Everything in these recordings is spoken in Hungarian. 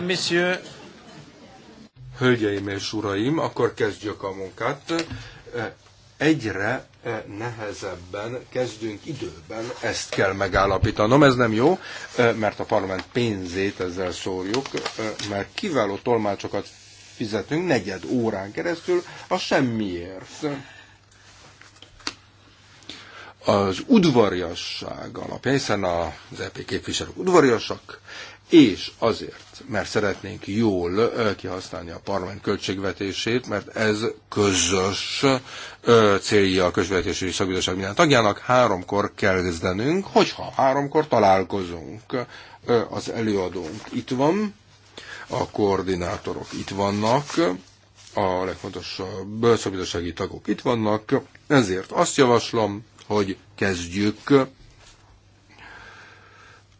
Mesdames, Messieurs. Hölgyeim és uraim, akkor kezdjük a munkát. Egyre nehezebben kezdünk időben, ezt kell megállapítanom. Ez nem jó, mert a parlament pénzét ezzel szórjuk, mert kiváló tolmácsokat fizetünk negyed órán keresztül a semmiért az udvariasság alapján, hiszen az EP képviselők udvariasak, és azért, mert szeretnénk jól kihasználni a parlament költségvetését, mert ez közös célja a közvetési szakbizottság minden tagjának. Háromkor kell kezdenünk, hogyha háromkor találkozunk. Az előadónk itt van, a koordinátorok itt vannak, a legfontosabb szakbizottsági tagok itt vannak, ezért azt javaslom, hogy kezdjük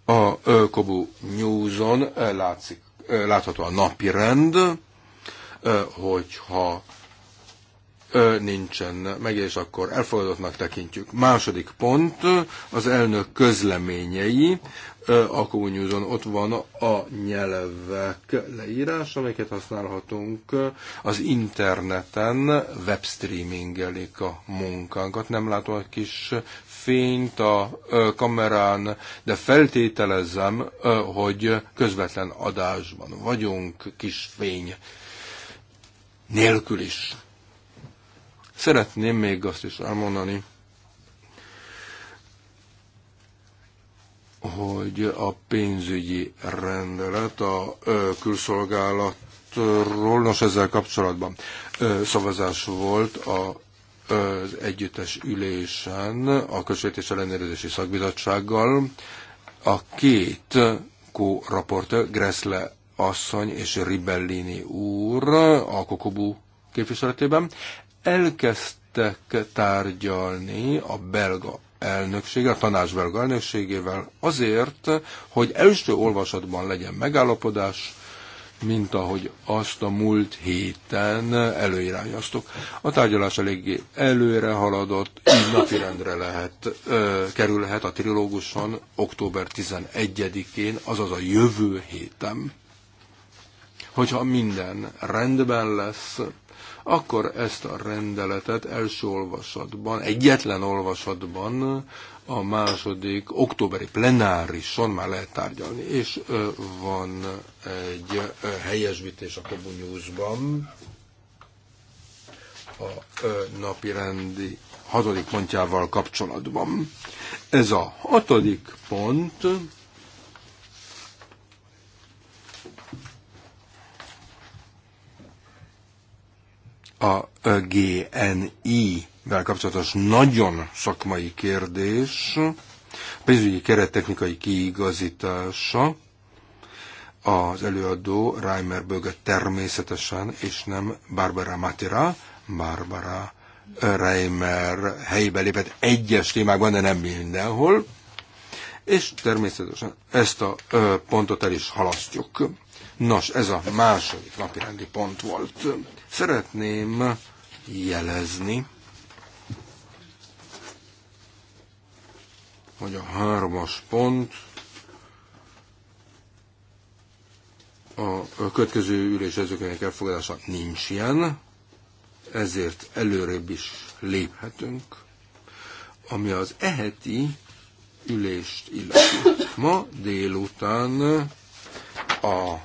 a Kobu News-on látszik, látható a napi rend, hogyha nincsen és akkor elfogadottnak tekintjük. Második pont, az elnök közleményei, a Kommunyúzon ott van a nyelvek leírás, amelyeket használhatunk az interneten, webstreamingelik a munkánkat. Nem látom a kis fényt a kamerán, de feltételezem, hogy közvetlen adásban vagyunk, kis fény nélkül is. Szeretném még azt is elmondani, hogy a pénzügyi rendelet a külszolgálatról, nos ezzel kapcsolatban szavazás volt a az együttes ülésen a és ellenőrzési szakbizottsággal a két co-raportőr, Gressle asszony és Ribellini úr a Kokobu képviseletében elkezdtek tárgyalni a belga elnökséggel, a tanács belga elnökségével azért, hogy első olvasatban legyen megállapodás, mint ahogy azt a múlt héten előirányoztuk. A tárgyalás eléggé előre haladott, így napirendre lehet, ö, kerülhet a trilóguson október 11-én, azaz a jövő héten. Hogyha minden rendben lesz, akkor ezt a rendeletet első olvasatban, egyetlen olvasatban a második októberi plenárison már lehet tárgyalni. És van egy helyesbítés a Kobu a napi rendi hatodik pontjával kapcsolatban. Ez a hatodik pont a GNI-vel kapcsolatos nagyon szakmai kérdés, a pénzügyi kerettechnikai kiigazítása, az előadó Reimer Böge természetesen, és nem Barbara Matira, Barbara Reimer helyébe lépett egyes témákban, de nem mindenhol. És természetesen ezt a pontot el is halasztjuk. Nos, ez a második napirendi pont volt. Szeretném jelezni, hogy a hármas pont a következő ülés ezőkönyvek elfogadása nincs ilyen, ezért előrébb is léphetünk, ami az eheti ülést illeti. Ma délután a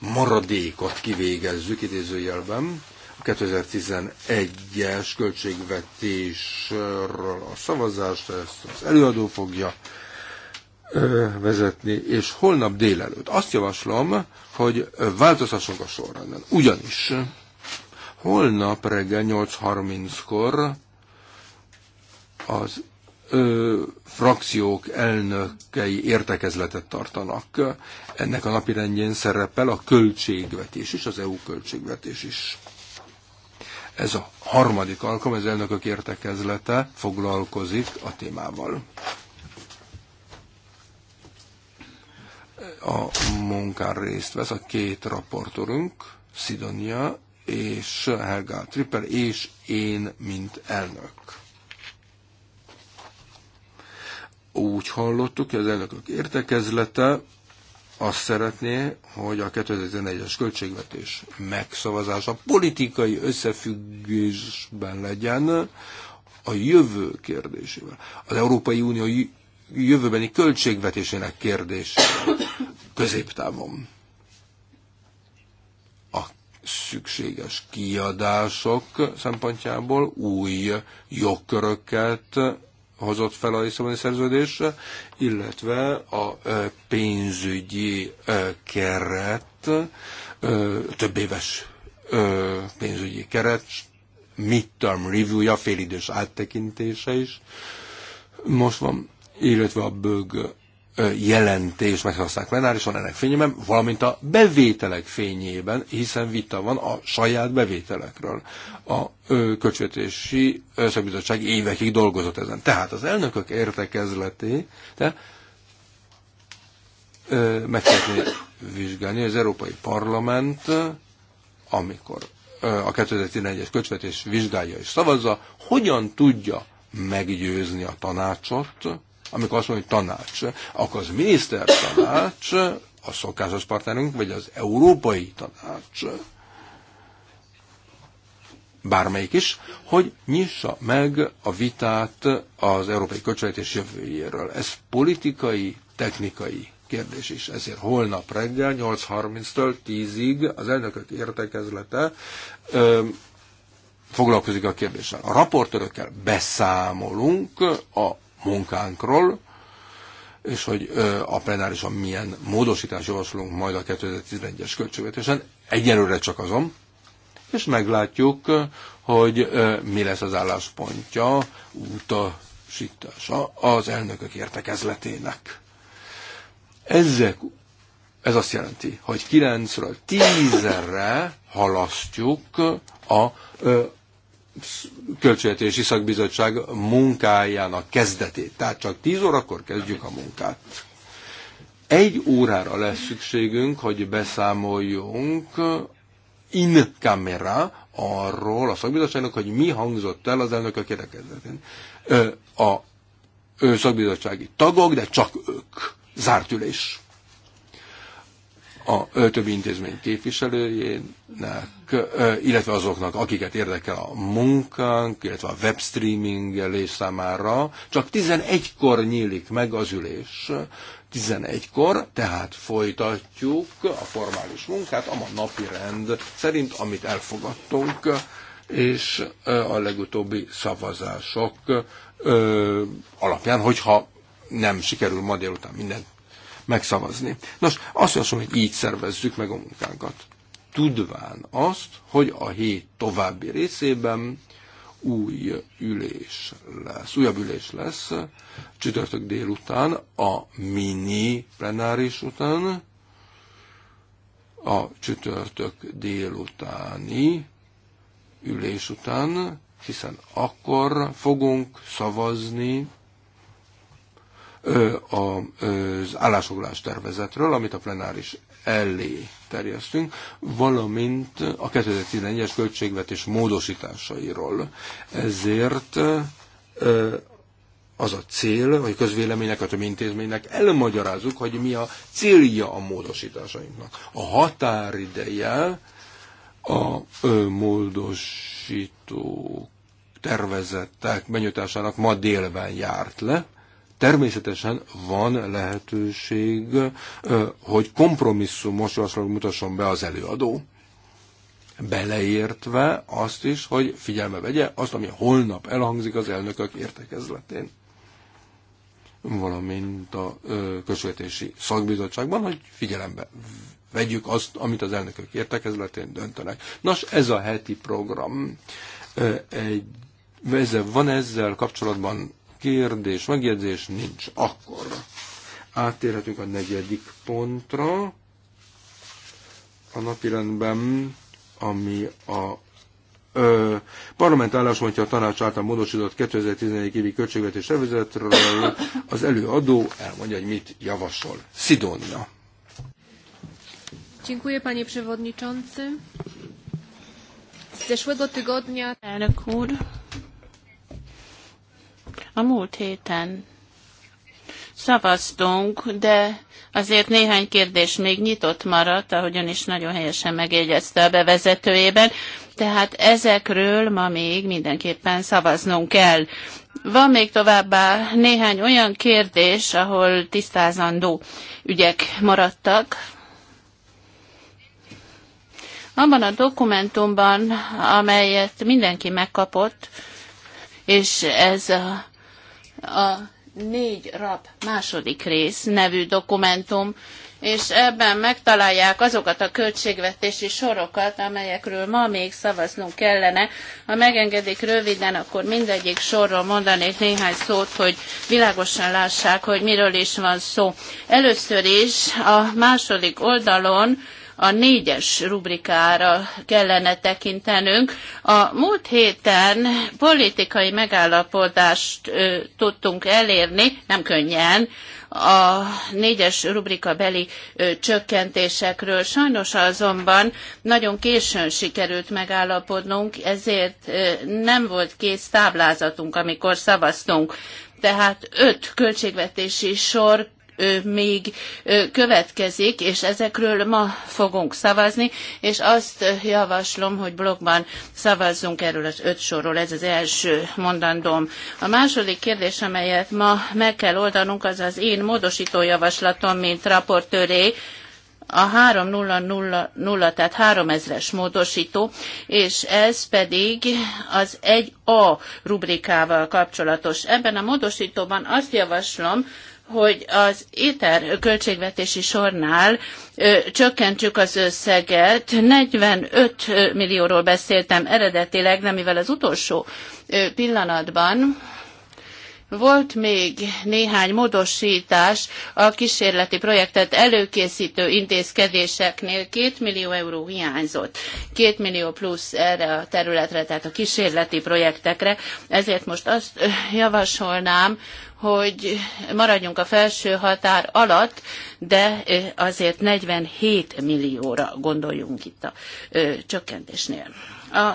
maradékot kivégezzük idézőjelben. A 2011-es költségvetésről a szavazást ezt az előadó fogja vezetni, és holnap délelőtt. Azt javaslom, hogy változtassunk a sorrenden. Ugyanis holnap reggel 8.30-kor az ö, frakciók elnökei értekezletet tartanak. Ennek a rendjén szerepel a költségvetés is, az EU költségvetés is. Ez a harmadik alkalom, az elnökök értekezlete foglalkozik a témával. A munkán részt vesz a két raportorunk, Sidonia és Helga Tripper, és én, mint elnök Úgy hallottuk, hogy az elnökök értekezlete azt szeretné, hogy a 2011-es költségvetés megszavazása politikai összefüggésben legyen a jövő kérdésével. Az Európai Unió jövőbeni költségvetésének kérdés középtávon. A szükséges kiadások szempontjából új jogköröket hozott fel a Lisszaboni szerződésre, illetve a pénzügyi keret, több éves pénzügyi keret, midterm review-ja, félidős áttekintése is most van, illetve a bőg jelentés meghozták plenárison ennek fényében, valamint a bevételek fényében, hiszen vita van a saját bevételekről. A költségvetési összebizottság évekig dolgozott ezen. Tehát az elnökök értekezleté, de meg szeretné vizsgálni, az Európai Parlament, amikor a 2011-es költségvetés vizsgálja és szavazza, hogyan tudja meggyőzni a tanácsot, amikor azt hogy tanács, akkor az miniszter tanács, a szokásos partnerünk, vagy az európai tanács, bármelyik is, hogy nyissa meg a vitát az európai költségvetés jövőjéről. Ez politikai, technikai kérdés is. Ezért holnap reggel 8.30-től 10-ig az elnökök értekezlete ö, foglalkozik a kérdéssel. A raportörökkel beszámolunk a munkánkról, és hogy a plenárisan milyen módosítás javasolunk majd a 2011-es költségvetésen. Egyelőre csak azon, és meglátjuk, hogy mi lesz az álláspontja, utasítása az elnökök értekezletének. Ezek, ez azt jelenti, hogy 9-ről 10-re halasztjuk a Költségvetési Szakbizottság munkájának kezdetét. Tehát csak 10 órakor kezdjük a munkát. Egy órára lesz szükségünk, hogy beszámoljunk in camera arról a szakbizottságnak, hogy mi hangzott el az a kérdekezetén. A szakbizottsági tagok, de csak ők. Zárt ülés a többi intézmény képviselőjének, illetve azoknak, akiket érdekel a munkánk, illetve a webstreamingelés számára. Csak 11-kor nyílik meg az ülés. 11-kor, tehát folytatjuk a formális munkát, a napi rend szerint, amit elfogadtunk, és a legutóbbi szavazások alapján, hogyha nem sikerül ma délután mindent megszavazni. Nos, azt javaslom, hogy így szervezzük meg a munkánkat. Tudván azt, hogy a hét további részében új ülés lesz, újabb ülés lesz, csütörtök délután, a mini plenáris után, a csütörtök délutáni ülés után, hiszen akkor fogunk szavazni az állásfoglalás tervezetről, amit a plenáris elé terjesztünk, valamint a 2014 es költségvetés módosításairól. Ezért az a cél, hogy közvéleménynek, a több intézménynek elmagyarázzuk, hogy mi a célja a módosításainknak. A határideje a módosító tervezettek benyújtásának ma délben járt le, Természetesen van lehetőség, hogy kompromisszumos javaslatot mutasson be az előadó, beleértve azt is, hogy figyelme vegye azt, ami holnap elhangzik az elnökök értekezletén valamint a közvetési szakbizottságban, hogy figyelembe vegyük azt, amit az elnökök értekezletén döntenek. Nos, ez a heti program. Egy, ezzel, van ezzel kapcsolatban kérdés, megjegyzés nincs. Akkor átérhetünk a negyedik pontra a napirendben, ami a ö, parlament álláspontja a tanács által módosított 2014 évi költségvetés tervezetről az előadó elmondja, hogy mit javasol. Szidónia. Dziękuję panie przewodniczący. Z zeszłego tygodnia... Elnök úr, a múlt héten szavaztunk, de azért néhány kérdés még nyitott maradt, ahogyan is nagyon helyesen megjegyezte a bevezetőjében, tehát ezekről ma még mindenképpen szavaznunk kell. Van még továbbá néhány olyan kérdés, ahol tisztázandó ügyek maradtak. Abban a dokumentumban, amelyet mindenki megkapott, és ez a, a négy rab második rész nevű dokumentum, és ebben megtalálják azokat a költségvetési sorokat, amelyekről ma még szavaznunk kellene. Ha megengedik röviden, akkor mindegyik sorról mondanék néhány szót, hogy világosan lássák, hogy miről is van szó. Először is a második oldalon a négyes rubrikára kellene tekintenünk. A múlt héten politikai megállapodást ö, tudtunk elérni, nem könnyen, a négyes rubrika beli ö, csökkentésekről. Sajnos azonban nagyon későn sikerült megállapodnunk, ezért ö, nem volt kész táblázatunk, amikor szavaztunk. Tehát öt költségvetési sor még következik, és ezekről ma fogunk szavazni, és azt javaslom, hogy blogban szavazzunk erről az öt sorról, ez az első mondandóm. A második kérdés, amelyet ma meg kell oldanunk, az az én módosító javaslatom, mint raportőré, a 3000, tehát 3000-es módosító, és ez pedig az 1A rubrikával kapcsolatos. Ebben a módosítóban azt javaslom, hogy az ITER költségvetési sornál ö, csökkentsük az összeget. 45 millióról beszéltem eredetileg, de mivel az utolsó ö, pillanatban volt még néhány módosítás a kísérleti projektet előkészítő intézkedéseknél. Két millió euró hiányzott. Két millió plusz erre a területre, tehát a kísérleti projektekre. Ezért most azt javasolnám, hogy maradjunk a felső határ alatt, de azért 47 millióra gondoljunk itt a ö, csökkentésnél. A,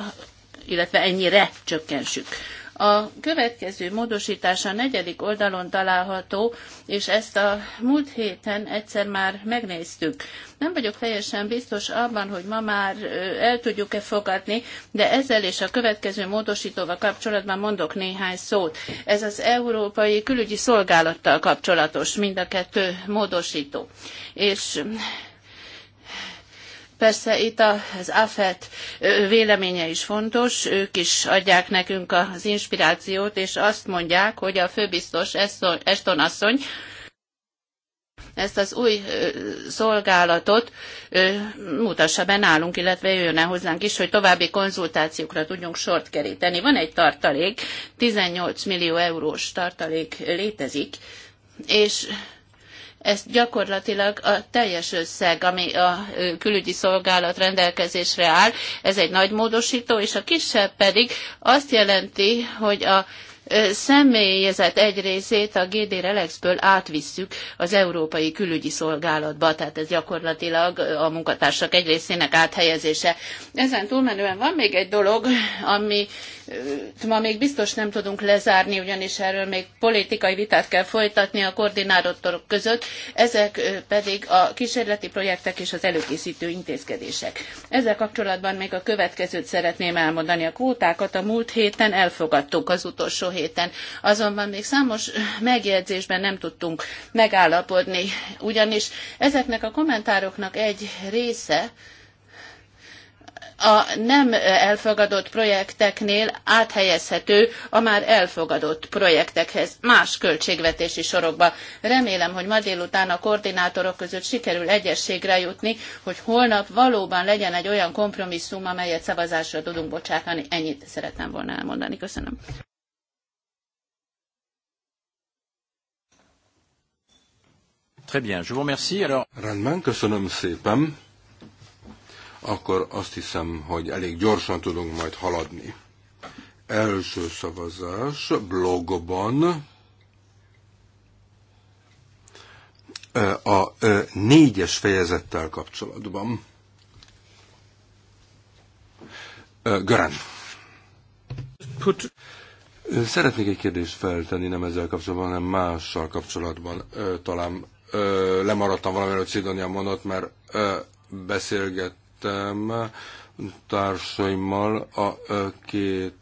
illetve ennyire csökkentsük a következő módosítás a negyedik oldalon található, és ezt a múlt héten egyszer már megnéztük. Nem vagyok teljesen biztos abban, hogy ma már el tudjuk-e fogadni, de ezzel és a következő módosítóval kapcsolatban mondok néhány szót. Ez az Európai Külügyi Szolgálattal kapcsolatos mind a kettő módosító. És Persze itt az AFET véleménye is fontos, ők is adják nekünk az inspirációt, és azt mondják, hogy a főbiztos Eston asszony ezt az új szolgálatot mutassa be nálunk, illetve jöjjön el hozzánk is, hogy további konzultációkra tudjunk sort keríteni. Van egy tartalék, 18 millió eurós tartalék létezik, és ezt gyakorlatilag a teljes összeg, ami a külügyi szolgálat rendelkezésre áll, ez egy nagy módosító, és a kisebb pedig azt jelenti, hogy a személyzet egy részét a GD Relexből átvisszük az Európai Külügyi Szolgálatba, tehát ez gyakorlatilag a munkatársak egy részének áthelyezése. Ezen túlmenően van még egy dolog, ami ma még biztos nem tudunk lezárni, ugyanis erről még politikai vitát kell folytatni a koordinátorok között, ezek pedig a kísérleti projektek és az előkészítő intézkedések. Ezzel kapcsolatban még a következőt szeretném elmondani. A kvótákat a múlt héten elfogadtuk az utolsó héten. Azonban még számos megjegyzésben nem tudtunk megállapodni, ugyanis ezeknek a kommentároknak egy része, a nem elfogadott projekteknél áthelyezhető a már elfogadott projektekhez más költségvetési sorokba. Remélem, hogy ma délután a koordinátorok között sikerül egyességre jutni, hogy holnap valóban legyen egy olyan kompromisszum, amelyet szavazásra tudunk bocsátani. Ennyit szeretném volna elmondani. Köszönöm. Très bien, je vous remercie. Alors... Rendben, köszönöm szépen. Akkor azt hiszem, hogy elég gyorsan tudunk majd haladni. Első szavazás blogban a négyes fejezettel kapcsolatban. Görán. Put... Szeretnék egy kérdést feltenni, nem ezzel kapcsolatban, hanem mással kapcsolatban. Talán ö, lemaradtam valamiről Cidonia mondott, mert ö, beszélgettem társaimmal a ö, két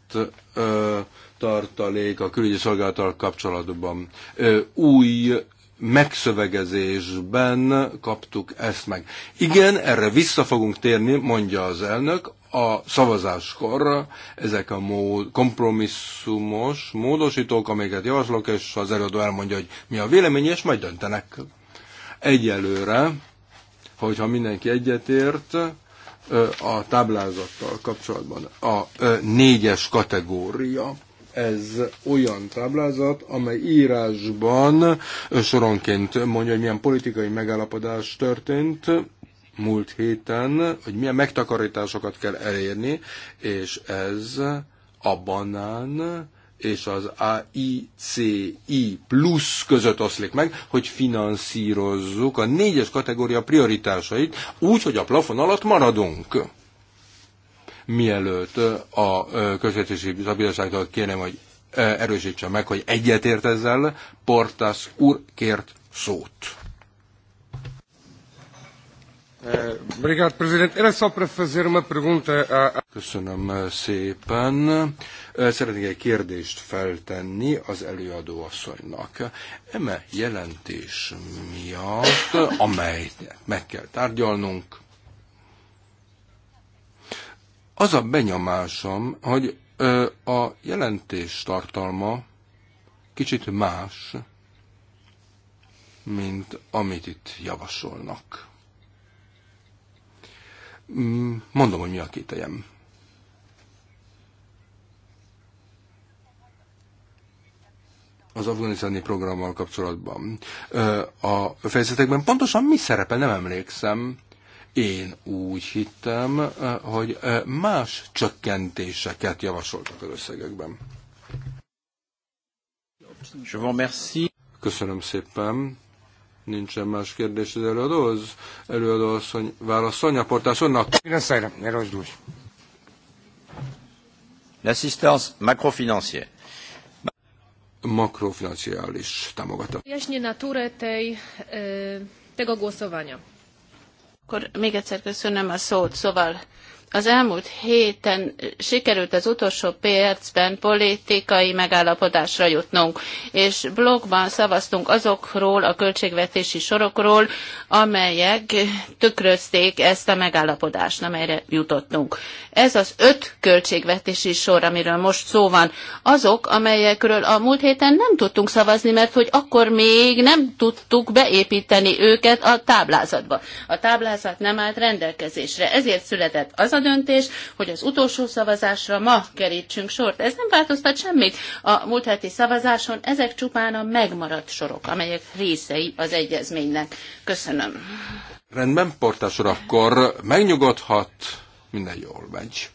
ö, tartalék a külügyi szolgálattal kapcsolatban. Ö, új megszövegezésben kaptuk ezt meg. Igen, erre vissza fogunk térni, mondja az elnök, a szavazáskor ezek a mód, kompromisszumos módosítók, amiket javaslok, és az előadó elmondja, hogy mi a véleménye, és majd döntenek. Egyelőre, hogyha mindenki egyetért, a táblázattal kapcsolatban a négyes kategória, ez olyan táblázat, amely írásban soronként mondja, hogy milyen politikai megállapodás történt múlt héten, hogy milyen megtakarításokat kell elérni, és ez a banán és az AICI plusz között oszlik meg, hogy finanszírozzuk a négyes kategória prioritásait úgy, hogy a plafon alatt maradunk. Mielőtt a közvetési bizottságtól kérem, hogy erősítse meg, hogy egyetért ezzel, Portas úr kért szót. Köszönöm szépen. Szeretnék egy kérdést feltenni az előadó asszonynak. Eme jelentés miatt, amelyet meg kell tárgyalnunk, az a benyomásom, hogy eh, a jelentés tartalma kicsit más, mint amit itt javasolnak. Mm, mondom, hogy mi a kételjem. az afganisztáni programmal kapcsolatban. A fejezetekben pontosan mi szerepel, nem emlékszem. Én úgy hittem, hogy más csökkentéseket javasoltak az összegekben. Köszönöm szépen. Nincsen más kérdés az előadóhoz? Előadó asszony válaszolni a onnak. L'assistance macrofinancière. Makrofinanciális támogatás. Jaśnie naturę tej, e, tego głosowania. Akkor még egyszer köszönöm a szót, szóval az elmúlt héten sikerült az utolsó percben politikai megállapodásra jutnunk, és blogban szavaztunk azokról a költségvetési sorokról, amelyek tükrözték ezt a megállapodást, amelyre jutottunk. Ez az öt költségvetési sor, amiről most szó van, azok, amelyekről a múlt héten nem tudtunk szavazni, mert hogy akkor még nem tudtuk beépíteni őket a táblázatba. A táblázat nem állt rendelkezésre, ezért született az a döntés, hogy az utolsó szavazásra ma kerítsünk sort. Ez nem változtat semmit. A múlt heti szavazáson ezek csupán a megmaradt sorok, amelyek részei az egyezménynek. Köszönöm. Rendben, portásor, akkor megnyugodhat, minden jól megy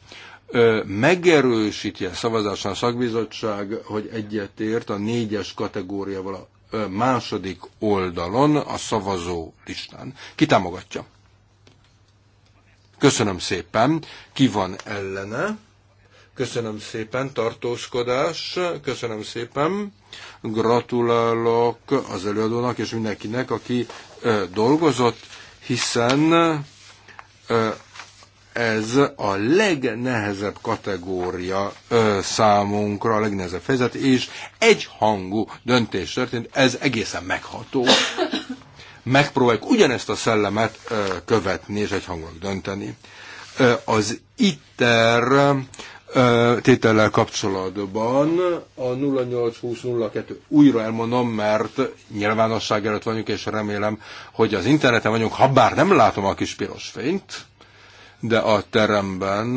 megerősíti a szavazáson a szakbizottság, hogy egyetért a négyes kategóriával a második oldalon a szavazó listán. Ki támogatja? Köszönöm szépen. Ki van ellene? Köszönöm szépen, tartózkodás, köszönöm szépen. Gratulálok az előadónak és mindenkinek, aki ö, dolgozott, hiszen ö, ez a legnehezebb kategória ö, számunkra, a legnehezebb fejezet, és egyhangú döntés történt, ez egészen megható megpróbáljuk ugyanezt a szellemet követni és egyhangulag dönteni. Az ITER tétellel kapcsolatban a 082002 újra elmondom, mert nyilvánosság előtt vagyunk, és remélem, hogy az interneten vagyunk, ha bár nem látom a kis piros fényt, de a teremben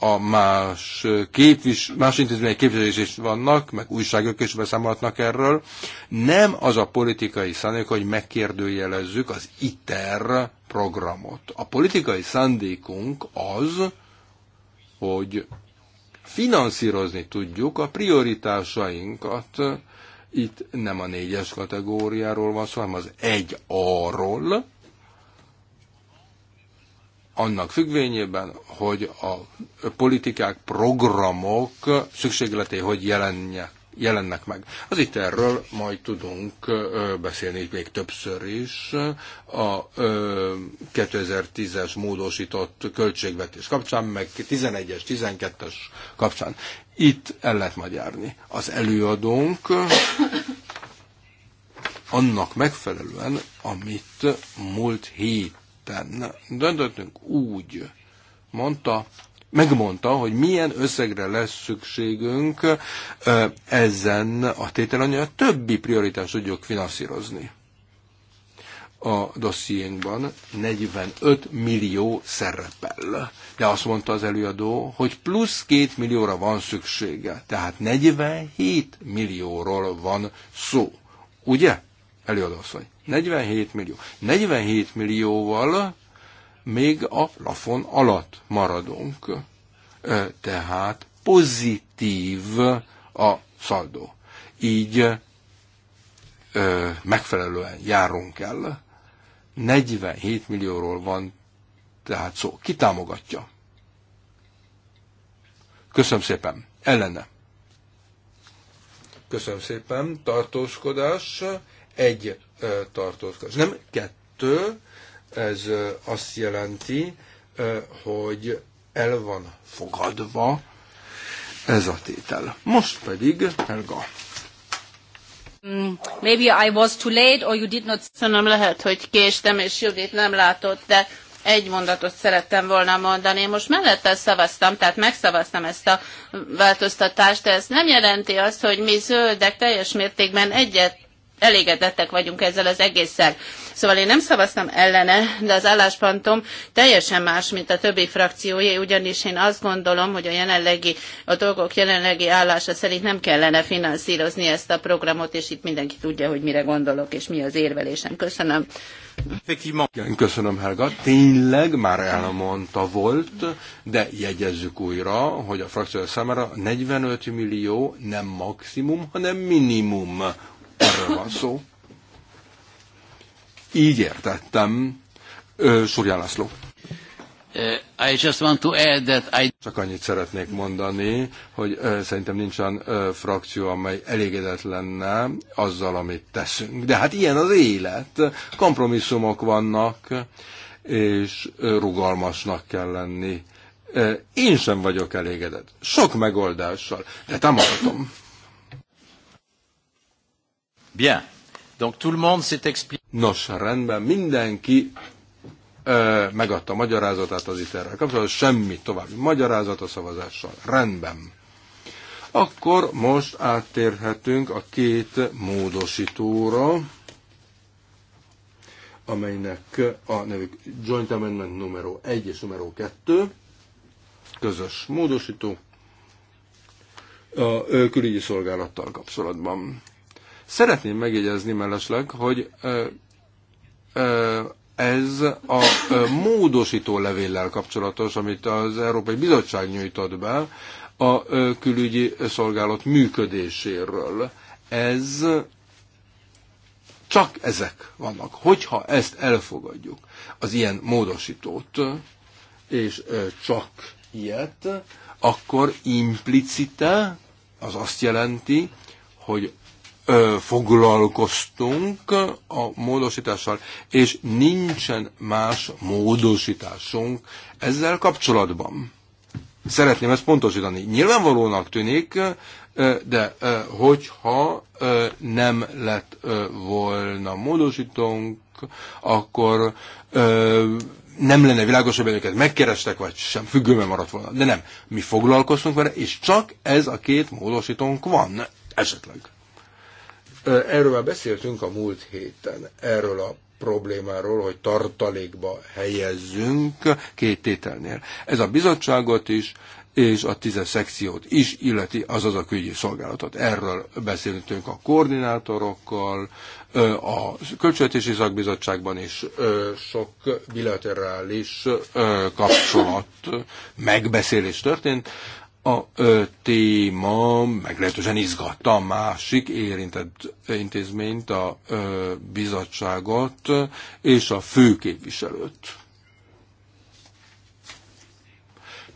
a más, képvis, más intézmények képviselés is vannak, meg újságok is beszámolhatnak erről. Nem az a politikai szándék, hogy megkérdőjelezzük az ITER programot. A politikai szándékunk az, hogy finanszírozni tudjuk a prioritásainkat. Itt nem a négyes kategóriáról van szó, hanem az egy arról, annak függvényében, hogy a politikák, programok szükségleté hogy jelenje, jelennek meg. Az itt erről majd tudunk beszélni még többször is a 2010-es módosított költségvetés kapcsán, meg 11-es, 12-es kapcsán. Itt el lehet majd járni. Az előadónk annak megfelelően, amit múlt hét területen. Döntöttünk úgy, mondta, megmondta, hogy milyen összegre lesz szükségünk ezen a tételanyja, a többi prioritást tudjuk finanszírozni. A dossziénkban 45 millió szerepel. De azt mondta az előadó, hogy plusz 2 millióra van szüksége. Tehát 47 millióról van szó. Ugye, előadóasszony? 47 millió. 47 millióval még a plafon alatt maradunk. Tehát pozitív a szaldó. Így megfelelően járunk el. 47 millióról van tehát szó. Ki támogatja? Köszönöm szépen. Ellene. Köszönöm szépen. Tartózkodás. Egy tartózkodás. Nem kettő. Ez azt jelenti, hogy el van fogadva ez a tétel. Most pedig, Helga. Mm, maybe I was too late, or you did not... Szerintem lehet, hogy késtem, és Judit nem látott, de egy mondatot szerettem volna mondani. Én most mellette szavaztam, tehát megszavaztam ezt a változtatást, de ez nem jelenti azt, hogy mi zöldek teljes mértékben egyet elégedettek vagyunk ezzel az egésszel. Szóval én nem szavaztam ellene, de az álláspontom teljesen más, mint a többi frakcióé, ugyanis én azt gondolom, hogy a jelenlegi, a dolgok jelenlegi állása szerint nem kellene finanszírozni ezt a programot, és itt mindenki tudja, hogy mire gondolok, és mi az érvelésem. Köszönöm. Köszönöm, Helga. Tényleg már elmondta volt, de jegyezzük újra, hogy a frakció számára 45 millió nem maximum, hanem minimum Erről van szó. Így értettem. Surján László. Uh, I just want to add that I... Csak annyit szeretnék mondani, hogy szerintem nincs olyan frakció, amely elégedett lenne azzal, amit teszünk. De hát ilyen az élet. Kompromisszumok vannak, és rugalmasnak kell lenni. Én sem vagyok elégedett. Sok megoldással, de támogatom. Bien. Donc tout le monde s'est expliqué. Nos, rendben, mindenki ö, megadta magyarázatát az iterrel kapcsolatban, semmi további magyarázat a szavazással. Rendben. Akkor most áttérhetünk a két módosítóra, amelynek a nevük Joint Amendment numero 1 és numero 2, közös módosító, a külügyi szolgálattal kapcsolatban. Szeretném megjegyezni mellesleg, hogy ez a módosító levéllel kapcsolatos, amit az Európai Bizottság nyújtott be a külügyi szolgálat működéséről. Ez csak ezek vannak. Hogyha ezt elfogadjuk, az ilyen módosítót, és csak ilyet, akkor implicite az azt jelenti, hogy foglalkoztunk a módosítással, és nincsen más módosításunk ezzel kapcsolatban. Szeretném ezt pontosítani. Nyilvánvalónak tűnik, de hogyha nem lett volna módosítónk, akkor nem lenne világos, hogy őket megkerestek, vagy sem, függőben maradt volna. De nem, mi foglalkoztunk vele, és csak ez a két módosítónk van, esetleg. Erről már beszéltünk a múlt héten, erről a problémáról, hogy tartalékba helyezzünk két tételnél. Ez a bizottságot is, és a tízes szekciót is illeti, azaz a külügyi szolgálatot. Erről beszéltünk a koordinátorokkal, a Költségvetési Szakbizottságban is sok bilaterális kapcsolat, megbeszélés történt a ö, téma meglehetősen izgatta a másik érintett intézményt, a ö, bizottságot és a főképviselőt.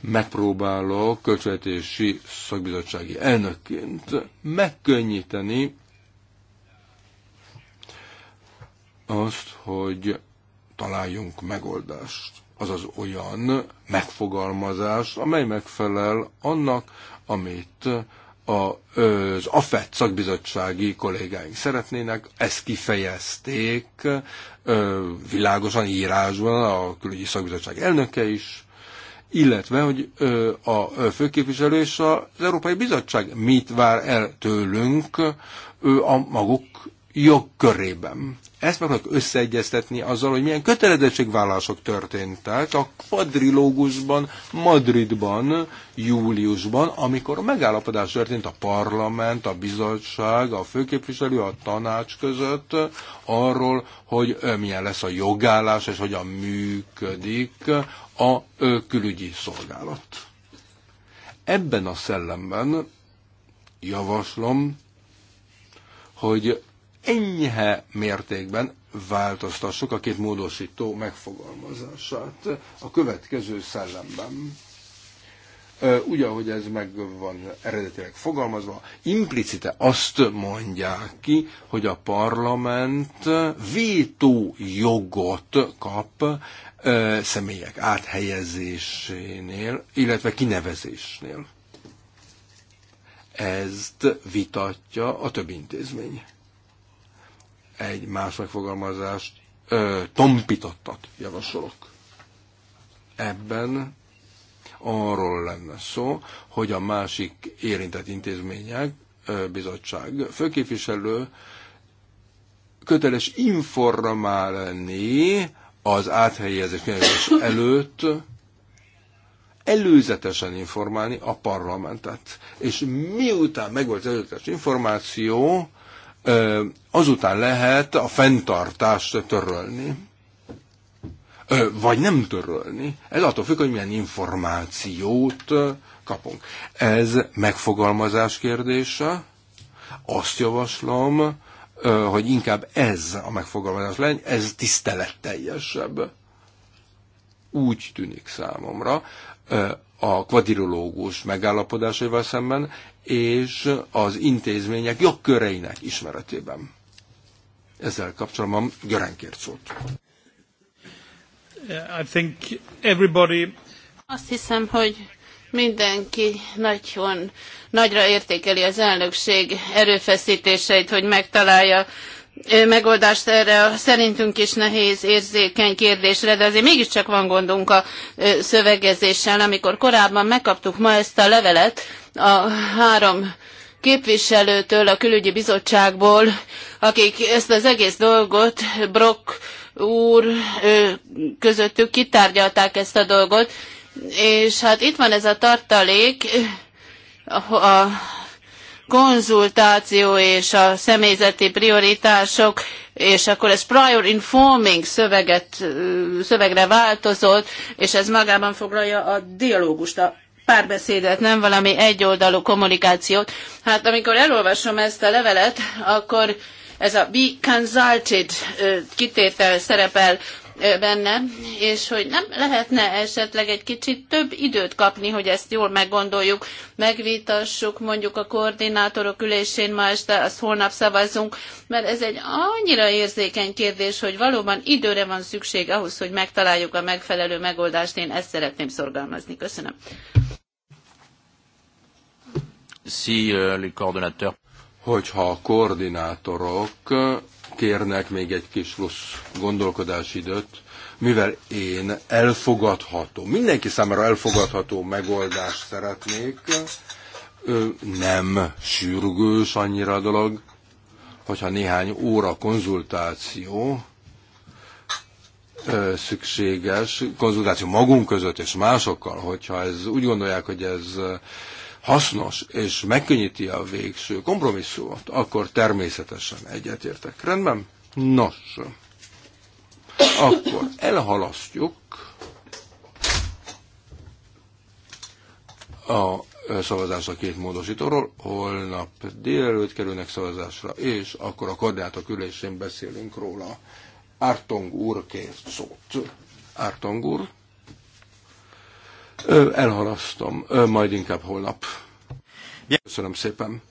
Megpróbálok költségvetési szakbizottsági elnökként megkönnyíteni azt, hogy találjunk megoldást azaz olyan megfogalmazás, amely megfelel annak, amit a, az AFET szakbizottsági kollégáink szeretnének, ezt kifejezték világosan írásban a külügyi szakbizottság elnöke is, illetve hogy a főképviselő és az Európai Bizottság mit vár el tőlünk a maguk jogkörében ezt meg akarjuk összeegyeztetni azzal, hogy milyen kötelezettségvállások történtek a quadrilógusban, Madridban, júliusban, amikor a megállapodás történt a parlament, a bizottság, a főképviselő, a tanács között arról, hogy milyen lesz a jogállás és hogyan működik a külügyi szolgálat. Ebben a szellemben javaslom, hogy enyhe mértékben változtassuk a két módosító megfogalmazását a következő szellemben. Úgy, ahogy ez meg van eredetileg fogalmazva, implicite azt mondják ki, hogy a parlament vétó jogot kap személyek áthelyezésénél, illetve kinevezésnél. Ezt vitatja a több intézmény egy más megfogalmazást, ö, tompitottat javasolok. Ebben arról lenne szó, hogy a másik érintett intézmények, ö, bizottság, főképviselő köteles informálni az áthelyezés előtt, előzetesen informálni a parlamentet. És miután megvolt az előzetes információ, azután lehet a fenntartást törölni, vagy nem törölni. Ez attól függ, hogy milyen információt kapunk. Ez megfogalmazás kérdése. Azt javaslom, hogy inkább ez a megfogalmazás legyen, ez tiszteletteljesebb. Úgy tűnik számomra a kvadrilógus megállapodásaival szemben, és az intézmények jogköreinek ismeretében. Ezzel kapcsolatban Görán kért szót. I think everybody... Azt hiszem, hogy mindenki nagyon nagyra értékeli az elnökség erőfeszítéseit, hogy megtalálja megoldást erre a szerintünk is nehéz érzékeny kérdésre, de azért mégiscsak van gondunk a szövegezéssel. Amikor korábban megkaptuk ma ezt a levelet, a három képviselőtől a külügyi bizottságból, akik ezt az egész dolgot Brock úr közöttük kitárgyalták ezt a dolgot, és hát itt van ez a tartalék, a konzultáció és a személyzeti prioritások, és akkor ez prior informing szöveget, szövegre változott, és ez magában foglalja a dialógust, a párbeszédet, nem valami egyoldalú kommunikációt. Hát amikor elolvasom ezt a levelet, akkor ez a be consulted kitétel szerepel benne, és hogy nem lehetne esetleg egy kicsit több időt kapni, hogy ezt jól meggondoljuk, megvitassuk mondjuk a koordinátorok ülésén ma este, azt holnap szavazunk, mert ez egy annyira érzékeny kérdés, hogy valóban időre van szükség ahhoz, hogy megtaláljuk a megfelelő megoldást. Én ezt szeretném szorgalmazni. Köszönöm. Si, uh, Hogyha a koordinátorok kérnek még egy kis plusz gondolkodási időt, mivel én elfogadható, mindenki számára elfogadható megoldást szeretnék, nem sürgős annyira a dolog, hogyha néhány óra konzultáció szükséges, konzultáció magunk között és másokkal, hogyha ez úgy gondolják, hogy ez hasznos és megkönnyíti a végső kompromisszumot, akkor természetesen egyetértek. Rendben? Nos, akkor elhalasztjuk a szavazás a két módosítóról. Holnap délelőtt kerülnek szavazásra, és akkor a koordinátok ülésén beszélünk róla. Ártong úr kért szót. Ártong úr. Elhalasztom, majd inkább holnap. Köszönöm szépen.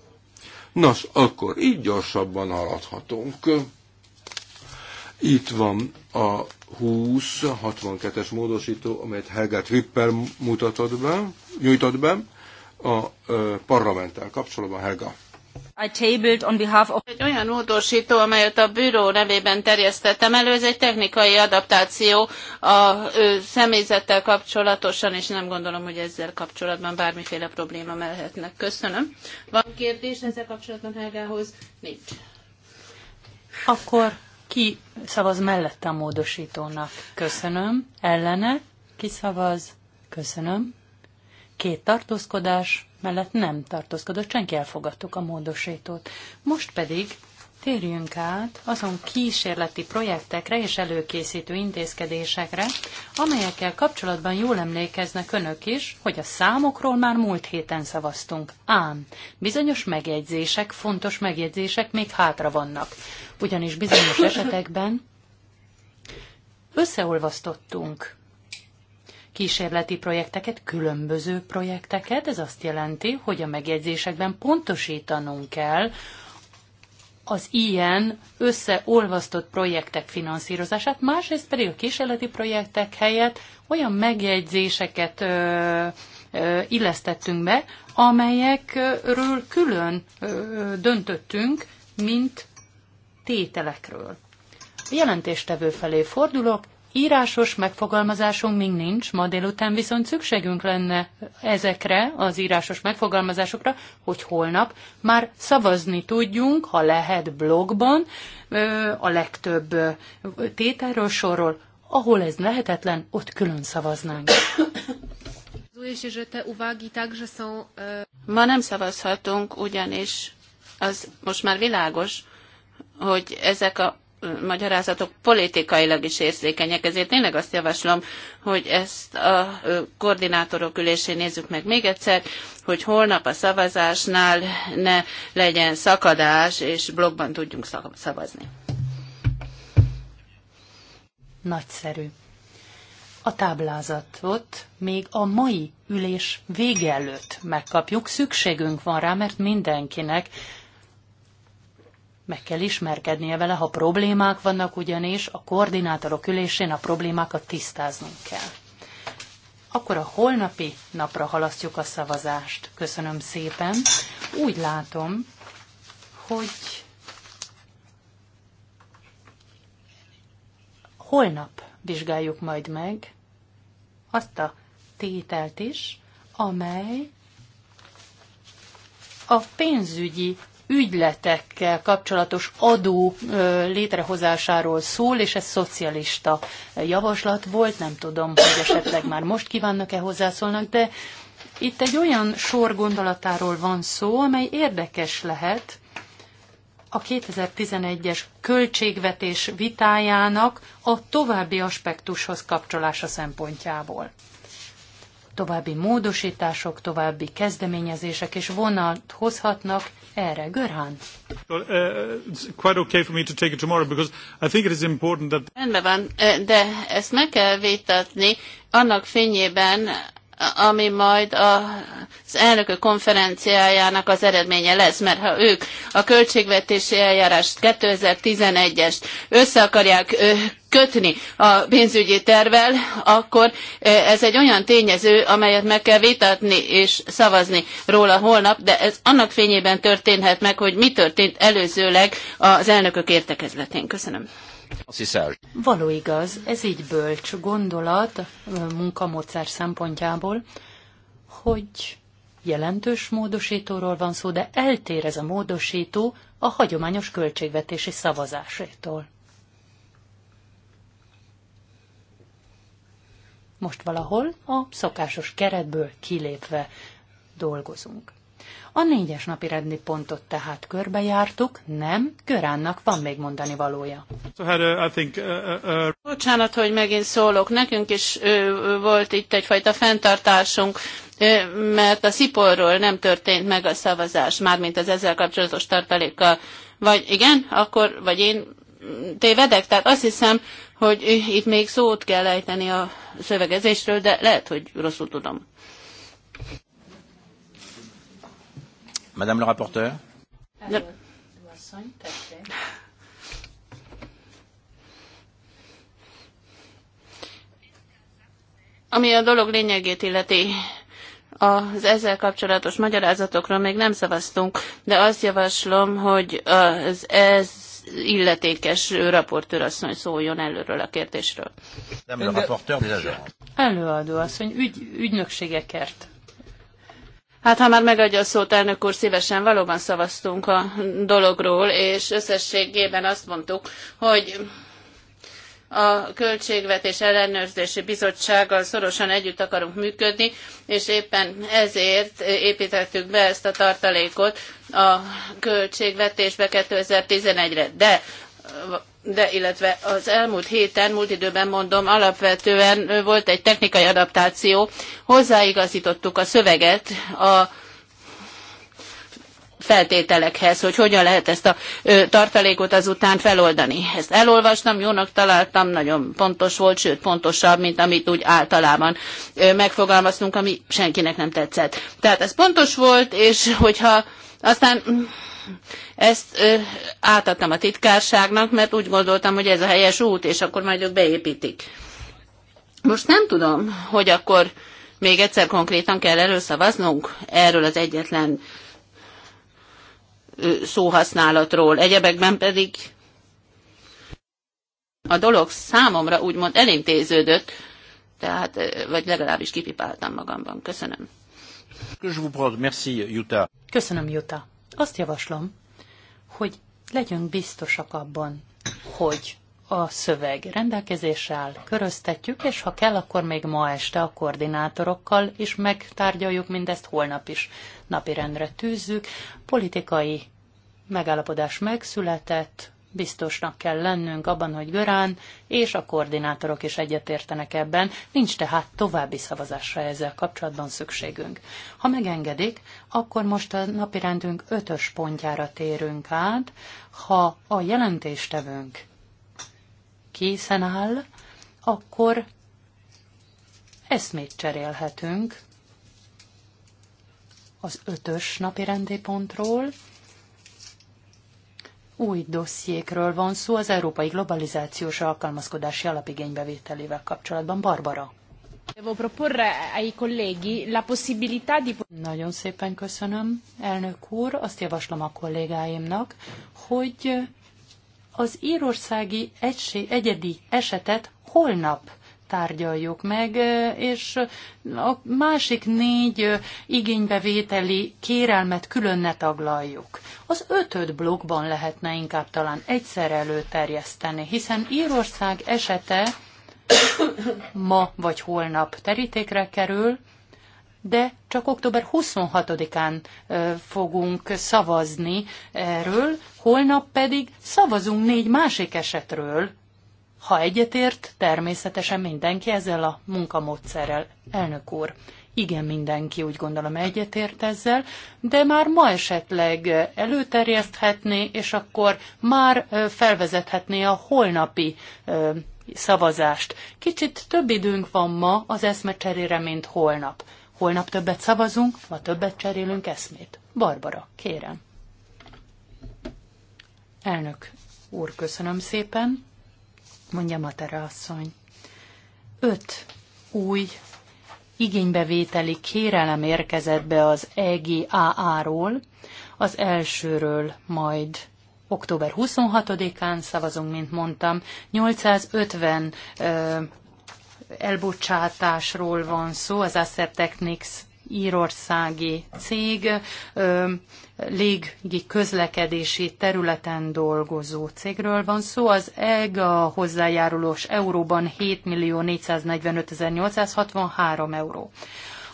Nos, akkor így gyorsabban haladhatunk. Itt van a 20-62-es módosító, amelyet Helga Tripper mutatott be, nyújtott be a parlamenttel kapcsolatban. Helga. I tabled on behalf of... Egy olyan módosító, amelyet a bűró nevében terjesztettem elő, ez egy technikai adaptáció a személyzettel kapcsolatosan, és nem gondolom, hogy ezzel kapcsolatban bármiféle probléma merhetnek. Köszönöm. Van kérdés ezzel kapcsolatban Helgához? Nincs. Akkor ki szavaz mellette a módosítónak? Köszönöm. Ellene? Ki szavaz? Köszönöm két tartózkodás mellett nem tartózkodott, senki elfogadtuk a módosítót. Most pedig térjünk át azon kísérleti projektekre és előkészítő intézkedésekre, amelyekkel kapcsolatban jól emlékeznek önök is, hogy a számokról már múlt héten szavaztunk. Ám, bizonyos megjegyzések, fontos megjegyzések még hátra vannak, ugyanis bizonyos esetekben összeolvasztottunk kísérleti projekteket, különböző projekteket. Ez azt jelenti, hogy a megjegyzésekben pontosítanunk kell az ilyen összeolvasztott projektek finanszírozását, másrészt pedig a kísérleti projektek helyett olyan megjegyzéseket ö, ö, illesztettünk be, amelyekről külön ö, döntöttünk, mint tételekről. A jelentéstevő felé fordulok, Írásos megfogalmazásunk még nincs, ma délután viszont szükségünk lenne ezekre az írásos megfogalmazásokra, hogy holnap már szavazni tudjunk, ha lehet blogban, a legtöbb tételről, sorról, ahol ez lehetetlen, ott külön szavaznánk. Ma nem szavazhatunk, ugyanis az most már világos, hogy ezek a magyarázatok politikailag is érzékenyek, ezért tényleg azt javaslom, hogy ezt a koordinátorok ülésén nézzük meg még egyszer, hogy holnap a szavazásnál ne legyen szakadás, és blogban tudjunk szavazni. Nagyszerű. A táblázatot még a mai ülés vége előtt megkapjuk. Szükségünk van rá, mert mindenkinek meg kell ismerkednie vele, ha problémák vannak ugyanis, a koordinátorok ülésén a problémákat tisztáznunk kell. Akkor a holnapi napra halasztjuk a szavazást. Köszönöm szépen. Úgy látom, hogy holnap vizsgáljuk majd meg azt a tételt is, amely a pénzügyi ügyletekkel kapcsolatos adó létrehozásáról szól, és ez szocialista javaslat volt, nem tudom, hogy esetleg már most kívánnak-e hozzászólnak, de itt egy olyan sor gondolatáról van szó, amely érdekes lehet a 2011-es költségvetés vitájának a további aspektushoz kapcsolása szempontjából további módosítások, további kezdeményezések és vonat hozhatnak erre. Görhan? Uh, Rendben van, eh, de ezt meg kell vétetni annak fényében, ami majd az elnökök konferenciájának az eredménye lesz, mert ha ők a költségvetési eljárást 2011-est össze akarják kötni a pénzügyi tervel, akkor ez egy olyan tényező, amelyet meg kell vitatni és szavazni róla holnap, de ez annak fényében történhet meg, hogy mi történt előzőleg az elnökök értekezletén. Köszönöm. Való igaz, ez így bölcs gondolat munkamódszer szempontjából, hogy jelentős módosítóról van szó, de eltér ez a módosító a hagyományos költségvetési szavazásétól. Most valahol a szokásos keretből kilépve dolgozunk. A négyes napi rendi pontot tehát körbejártuk, nem, Göránnak van még mondani valója. Uh, uh, uh, Bocsánat, hogy megint szólok. Nekünk is volt itt egyfajta fenntartásunk, mert a sziporról nem történt meg a szavazás, mármint az ezzel kapcsolatos tartalékkal. Vagy igen, akkor, vagy én mm, tévedek, tehát azt hiszem, hogy itt még szót kell ejteni a szövegezésről, de lehet, hogy rosszul tudom. Madame le rapporteur. Alors, Ami a dolog lényegét illeti, az ezzel kapcsolatos magyarázatokról még nem szavaztunk, de azt javaslom, hogy az ez illetékes raportőr asszony szóljon előről a kérdésről. Nem a raportőr, de... Előadó asszony, ügy, ügynökségekért. Hát ha már megadja a szót, elnök úr, szívesen valóban szavaztunk a dologról, és összességében azt mondtuk, hogy a Költségvetés Ellenőrzési Bizottsággal szorosan együtt akarunk működni, és éppen ezért építettük be ezt a tartalékot a költségvetésbe 2011-re. De de illetve az elmúlt héten, múlt időben mondom, alapvetően volt egy technikai adaptáció, hozzáigazítottuk a szöveget a feltételekhez, hogy hogyan lehet ezt a tartalékot azután feloldani. Ezt elolvastam, jónak találtam, nagyon pontos volt, sőt pontosabb, mint amit úgy általában megfogalmaztunk, ami senkinek nem tetszett. Tehát ez pontos volt, és hogyha aztán mm, ezt ö, átadtam a titkárságnak, mert úgy gondoltam, hogy ez a helyes út, és akkor majd ők beépítik. Most nem tudom, hogy akkor még egyszer konkrétan kell erről szavaznunk, erről az egyetlen szóhasználatról, egyebekben pedig a dolog számomra úgymond elintéződött, tehát, vagy legalábbis kipipáltam magamban. Köszönöm. Köszönöm, Juta. Azt javaslom, hogy legyünk biztosak abban, hogy a szöveg rendelkezésre áll, köröztetjük, és ha kell, akkor még ma este a koordinátorokkal is megtárgyaljuk mindezt, holnap is napirendre tűzzük. Politikai megállapodás megszületett, biztosnak kell lennünk abban, hogy Görán és a koordinátorok is egyetértenek ebben, nincs tehát további szavazásra ezzel kapcsolatban szükségünk. Ha megengedik, akkor most a napirendünk ötös pontjára térünk át, ha a jelentéstevőnk készen áll, akkor eszmét cserélhetünk az ötös napi rendépontról. Új dossziékről van szó az európai globalizációs alkalmazkodási alapigénybevételével kapcsolatban. Barbara. Nagyon szépen köszönöm, elnök úr. Azt javaslom a kollégáimnak, hogy az írországi egység, egyedi esetet holnap tárgyaljuk meg, és a másik négy igénybevételi kérelmet külön ne taglaljuk. Az ötöd blokkban lehetne inkább talán egyszer előterjeszteni, hiszen Írország esete ma vagy holnap terítékre kerül, de csak október 26-án fogunk szavazni erről, holnap pedig szavazunk négy másik esetről, ha egyetért, természetesen mindenki ezzel a munkamódszerrel. Elnök úr, igen, mindenki úgy gondolom egyetért ezzel, de már ma esetleg előterjeszthetné, és akkor már felvezethetné a holnapi szavazást. Kicsit több időnk van ma az eszmecserére, mint holnap. Holnap többet szavazunk, ma többet cserélünk eszmét. Barbara, kérem. Elnök úr, köszönöm szépen, mondja Matera asszony. Öt új igénybevételi kérelem érkezett be az EGAA-ról. Az elsőről majd október 26-án szavazunk, mint mondtam, 850 ö, elbocsátásról van szó, az Acer Technics írországi cég, légi közlekedési területen dolgozó cégről van szó. Az e a hozzájárulós euróban 7.445.863 euró.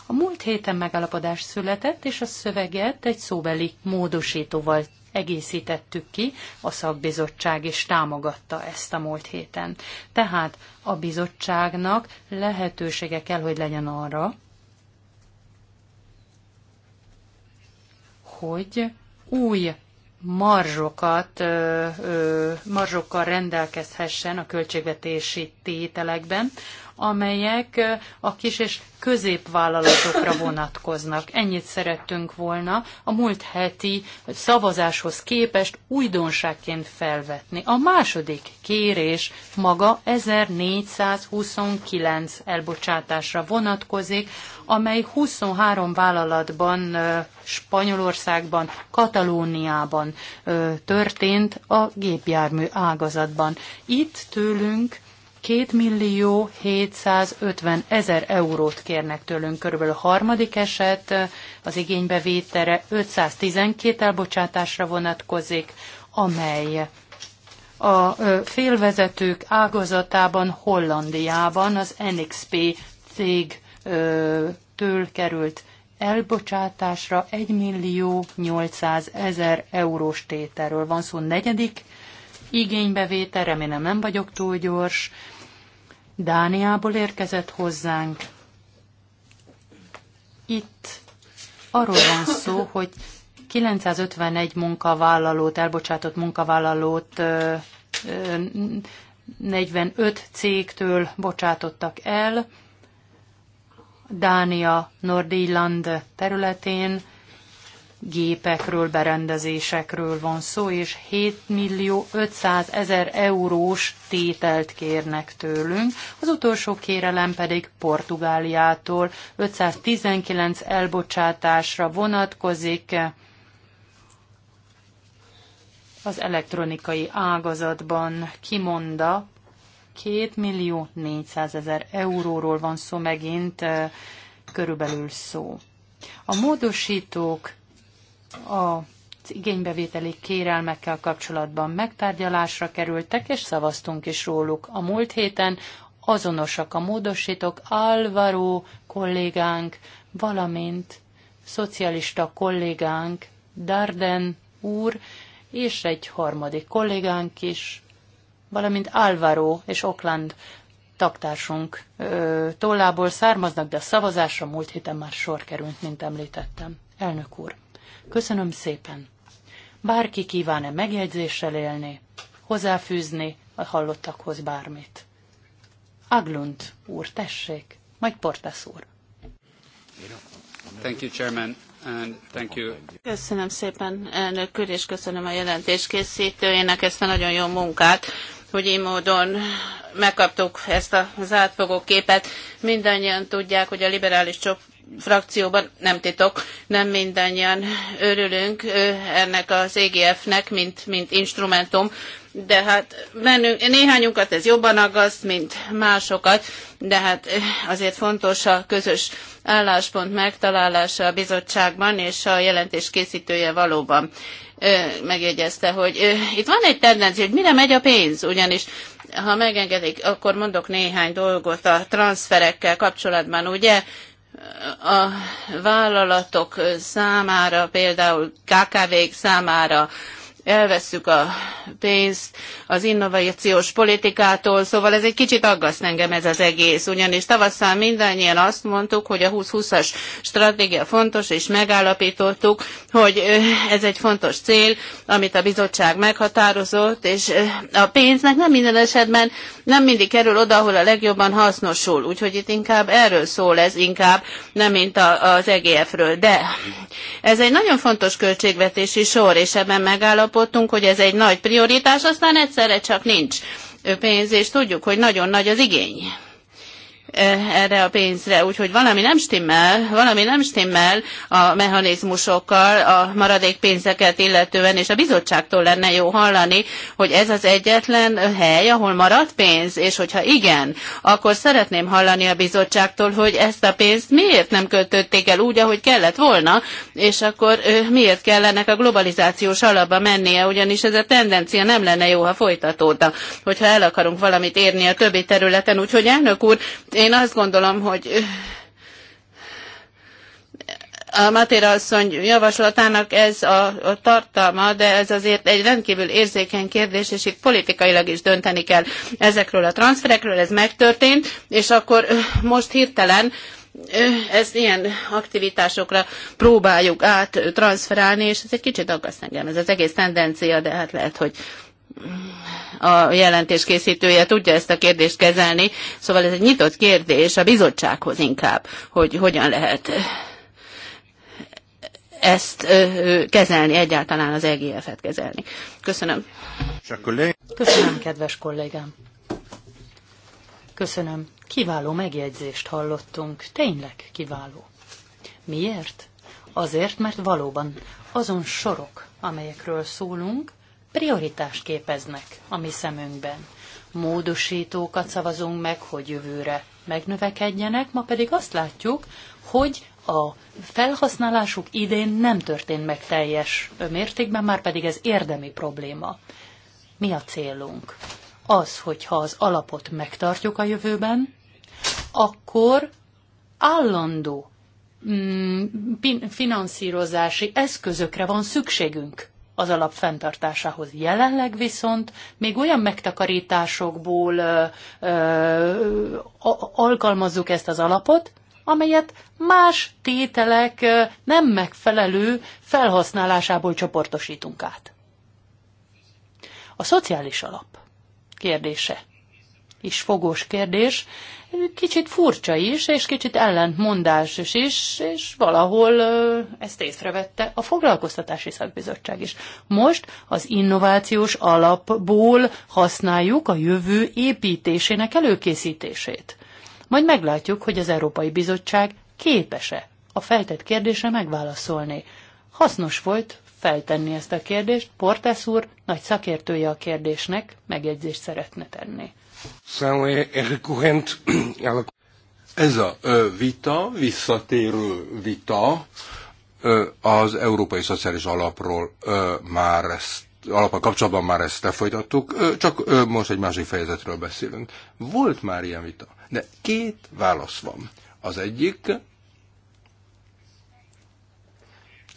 A múlt héten megállapodás született, és a szöveget egy szóbeli módosítóval egészítettük ki, a szakbizottság is támogatta ezt a múlt héten. Tehát a bizottságnak lehetősége kell, hogy legyen arra, hogy új marzsokat, marzsokkal rendelkezhessen a költségvetési tételekben, amelyek a kis és középvállalatokra vonatkoznak. Ennyit szerettünk volna a múlt heti szavazáshoz képest újdonságként felvetni. A második kérés maga 1429 elbocsátásra vonatkozik, amely 23 vállalatban Spanyolországban, Katalóniában történt a gépjármű ágazatban. Itt tőlünk 2 millió 750 ezer eurót kérnek tőlünk. Körülbelül a harmadik eset az igénybevételre 512 elbocsátásra vonatkozik, amely a félvezetők ágazatában Hollandiában az NXP cég től került elbocsátásra 1 millió 800 ezer eurós tételről van szó. Negyedik igénybevétel, remélem nem vagyok túl gyors, Dániából érkezett hozzánk. Itt arról van szó, hogy 951 munkavállalót, elbocsátott munkavállalót 45 cégtől bocsátottak el. Dánia, Nordirland területén gépekről, berendezésekről van szó, és 7 millió 500 ezer eurós tételt kérnek tőlünk. Az utolsó kérelem pedig Portugáliától 519 elbocsátásra vonatkozik az elektronikai ágazatban kimonda 2 millió 400 ezer euróról van szó megint eh, körülbelül szó. A módosítók a igénybevételi kérelmekkel kapcsolatban megtárgyalásra kerültek, és szavaztunk is róluk. A múlt héten azonosak a módosítók, Álvaro kollégánk, valamint szocialista kollégánk, Darden úr, és egy harmadik kollégánk is, valamint Álvaro és Okland taktársunk ö, tollából származnak, de a szavazásra múlt héten már sor került, mint említettem. Elnök úr! Köszönöm szépen. Bárki kíván-e megjegyzéssel élni, hozzáfűzni a hallottakhoz bármit? Aglund úr, tessék, majd Portes úr. Thank you, Chairman. Köszönöm szépen, elnök úr, és köszönöm a jelentés készítőjének ezt a nagyon jó munkát, hogy így módon megkaptuk ezt az átfogó képet. Mindannyian tudják, hogy a liberális frakcióban, nem titok, nem mindannyian örülünk ennek az EGF-nek, mint, mint instrumentum, de hát bennünk, néhányunkat ez jobban aggaszt, mint másokat, de hát azért fontos a közös álláspont megtalálása a bizottságban, és a jelentés készítője valóban megjegyezte, hogy itt van egy tendencia, hogy mire megy a pénz, ugyanis ha megengedik, akkor mondok néhány dolgot a transferekkel kapcsolatban. Ugye a vállalatok számára, például KKV-k számára elvesszük a pénzt az innovációs politikától, szóval ez egy kicsit aggaszt engem ez az egész, ugyanis tavasszal mindannyian azt mondtuk, hogy a 2020-as stratégia fontos, és megállapítottuk, hogy ez egy fontos cél, amit a bizottság meghatározott, és a pénznek nem minden esetben nem mindig kerül oda, ahol a legjobban hasznosul, úgyhogy itt inkább erről szól ez inkább, nem mint az EGF-ről, de ez egy nagyon fontos költségvetési sor, és ebben megállapodtunk, megállapodtunk, hogy ez egy nagy prioritás, aztán egyszerre csak nincs pénz, és tudjuk, hogy nagyon nagy az igény. E, erre a pénzre. Úgyhogy valami nem stimmel, valami nem stimmel a mechanizmusokkal, a maradék pénzeket illetően, és a bizottságtól lenne jó hallani, hogy ez az egyetlen hely, ahol marad pénz, és hogyha igen, akkor szeretném hallani a bizottságtól, hogy ezt a pénzt miért nem költötték el úgy, ahogy kellett volna, és akkor miért kellene a globalizációs alapba mennie, ugyanis ez a tendencia nem lenne jó, ha folytatódna, hogyha el akarunk valamit érni a többi területen. Úgyhogy elnök úr, én azt gondolom, hogy eh, a Matéra asszony javaslatának ez a, a tartalma, de ez azért egy rendkívül érzékeny kérdés, és itt politikailag is dönteni kell ezekről a transferekről, ez megtörtént, és akkor eh, most hirtelen eh, ezt ilyen aktivitásokra próbáljuk át transferálni, és ez egy kicsit aggaszt engem, ez az egész tendencia, de hát lehet, hogy a jelentés készítője tudja ezt a kérdést kezelni, szóval ez egy nyitott kérdés a bizottsághoz inkább, hogy hogyan lehet ezt kezelni, egyáltalán az EGF-et kezelni. Köszönöm. Köszönöm, kedves kollégám. Köszönöm. Kiváló megjegyzést hallottunk. Tényleg kiváló. Miért? Azért, mert valóban azon sorok, amelyekről szólunk, prioritást képeznek a mi szemünkben. Módosítókat szavazunk meg, hogy jövőre megnövekedjenek, ma pedig azt látjuk, hogy a felhasználásuk idén nem történt meg teljes mértékben, már pedig ez érdemi probléma. Mi a célunk? Az, hogyha az alapot megtartjuk a jövőben, akkor állandó mm, finanszírozási eszközökre van szükségünk az alap fenntartásához. Jelenleg viszont még olyan megtakarításokból ö, ö, alkalmazzuk ezt az alapot, amelyet más tételek nem megfelelő felhasználásából csoportosítunk át. A szociális alap kérdése is fogós kérdés, kicsit furcsa is, és kicsit ellentmondásos is, és valahol ezt észrevette a foglalkoztatási szakbizottság is. Most az innovációs alapból használjuk a jövő építésének előkészítését. Majd meglátjuk, hogy az Európai Bizottság képes-e a feltett kérdésre megválaszolni. Hasznos volt feltenni ezt a kérdést, Portes úr nagy szakértője a kérdésnek, megjegyzést szeretne tenni. Szóval ez a vita visszatérő vita az Európai Szociális Alapról már ezt alapban kapcsolatban már ezt lefolytattuk, csak most egy másik fejezetről beszélünk. Volt már ilyen vita, de két válasz van. Az egyik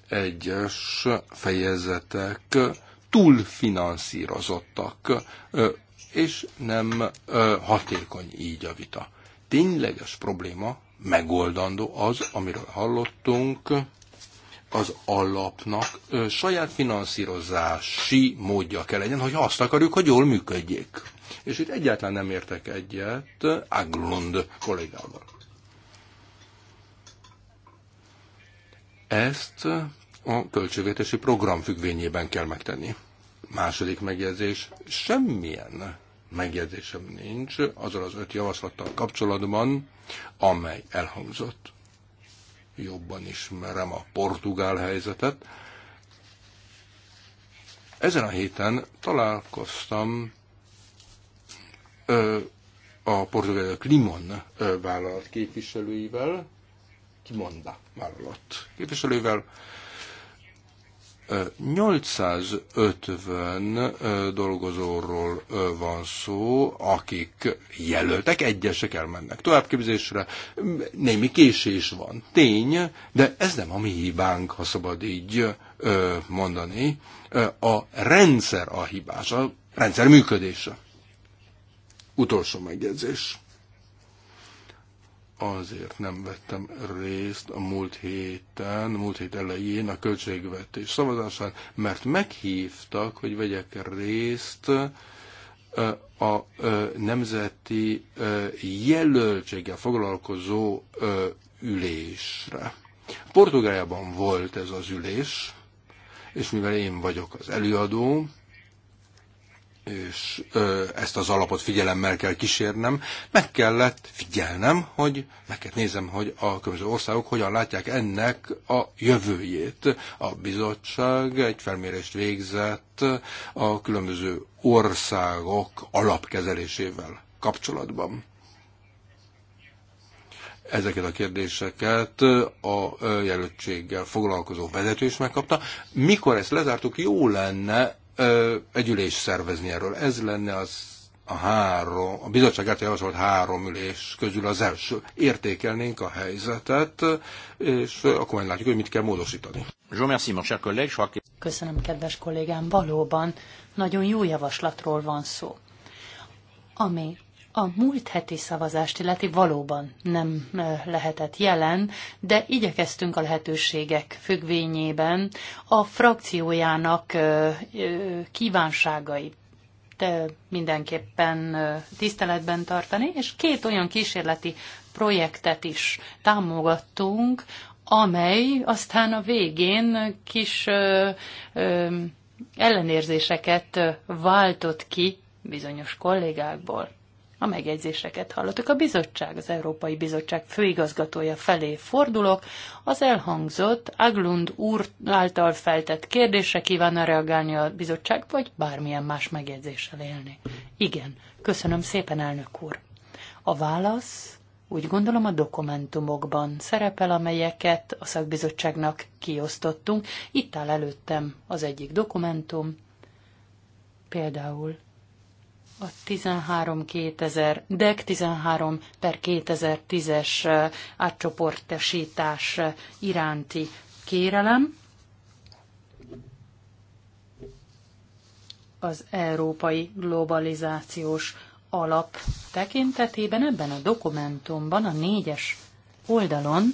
egyes fejezetek túlfinanszírozottak és nem ö, hatékony így a vita. Tényleges probléma megoldandó az, amiről hallottunk, az alapnak ö, saját finanszírozási módja kell legyen, hogy azt akarjuk, hogy jól működjék. És itt egyáltalán nem értek egyet Aglund kollégával. Ezt a költségvetési program függvényében kell megtenni. Második megjegyzés, semmilyen megjegyzésem nincs azzal az öt javaslattal kapcsolatban, amely elhangzott. Jobban ismerem a portugál helyzetet. Ezen a héten találkoztam ö, a portugál Limon vállalat képviselőivel, Kimonda vállalat képviselőivel, 850 dolgozóról van szó, akik jelöltek, egyesek elmennek továbbképzésre, némi késés van, tény, de ez nem a mi hibánk, ha szabad így mondani. A rendszer a hibás, a rendszer működése. Utolsó megjegyzés azért nem vettem részt a múlt héten, múlt hét elején a költségvetés szavazásán, mert meghívtak, hogy vegyek részt a nemzeti jelöltséggel foglalkozó ülésre. Portugáliában volt ez az ülés, és mivel én vagyok az előadó, és ö, ezt az alapot figyelemmel kell kísérnem, meg kellett figyelnem, hogy meg kell nézem, hogy a különböző országok hogyan látják ennek a jövőjét. A bizottság egy felmérést végzett a különböző országok alapkezelésével kapcsolatban. Ezeket a kérdéseket a jelöltséggel foglalkozó vezető is megkapta. Mikor ezt lezártuk, jó lenne egy ülés szervezni erről. Ez lenne az a három, a bizottság által javasolt három ülés közül az első. Értékelnénk a helyzetet, és akkor majd látjuk, hogy mit kell módosítani. Köszönöm, kedves kollégám, valóban nagyon jó javaslatról van szó, ami a múlt heti szavazást illeti valóban nem lehetett jelen, de igyekeztünk a lehetőségek függvényében a frakciójának kívánságai mindenképpen tiszteletben tartani, és két olyan kísérleti projektet is támogattunk, amely aztán a végén kis ellenérzéseket váltott ki bizonyos kollégákból. A megjegyzéseket hallottuk. A bizottság, az Európai Bizottság főigazgatója felé fordulok. Az elhangzott Aglund úr által feltett kérdésre kívánna reagálni a bizottság, vagy bármilyen más megjegyzéssel élni. Igen, köszönöm szépen, elnök úr. A válasz úgy gondolom a dokumentumokban szerepel, amelyeket a szakbizottságnak kiosztottunk. Itt áll előttem az egyik dokumentum, például a 13 2000, DEC 13 per 2010-es átcsoportesítás iránti kérelem. Az európai globalizációs alap tekintetében ebben a dokumentumban a négyes oldalon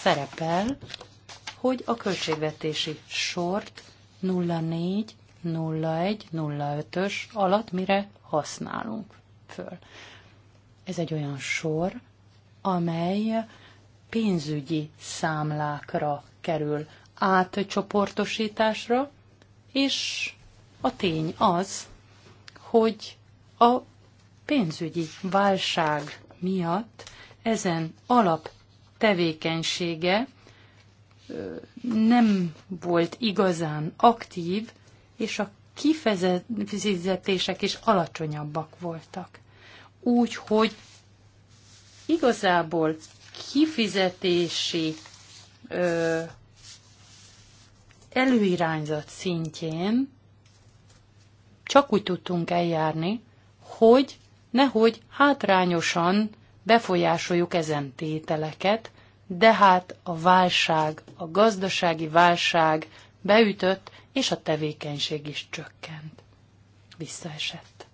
szerepel, hogy a költségvetési sort 04 0105-ös alatt mire használunk föl. Ez egy olyan sor, amely pénzügyi számlákra kerül átcsoportosításra, és a tény az, hogy a pénzügyi válság miatt ezen alap tevékenysége nem volt igazán aktív, és a kifizetések is alacsonyabbak voltak. Úgy, hogy igazából kifizetési ö, előirányzat szintjén csak úgy tudtunk eljárni, hogy nehogy hátrányosan befolyásoljuk ezen tételeket, de hát a válság, a gazdasági válság beütött, és a tevékenység is csökkent. Visszaesett.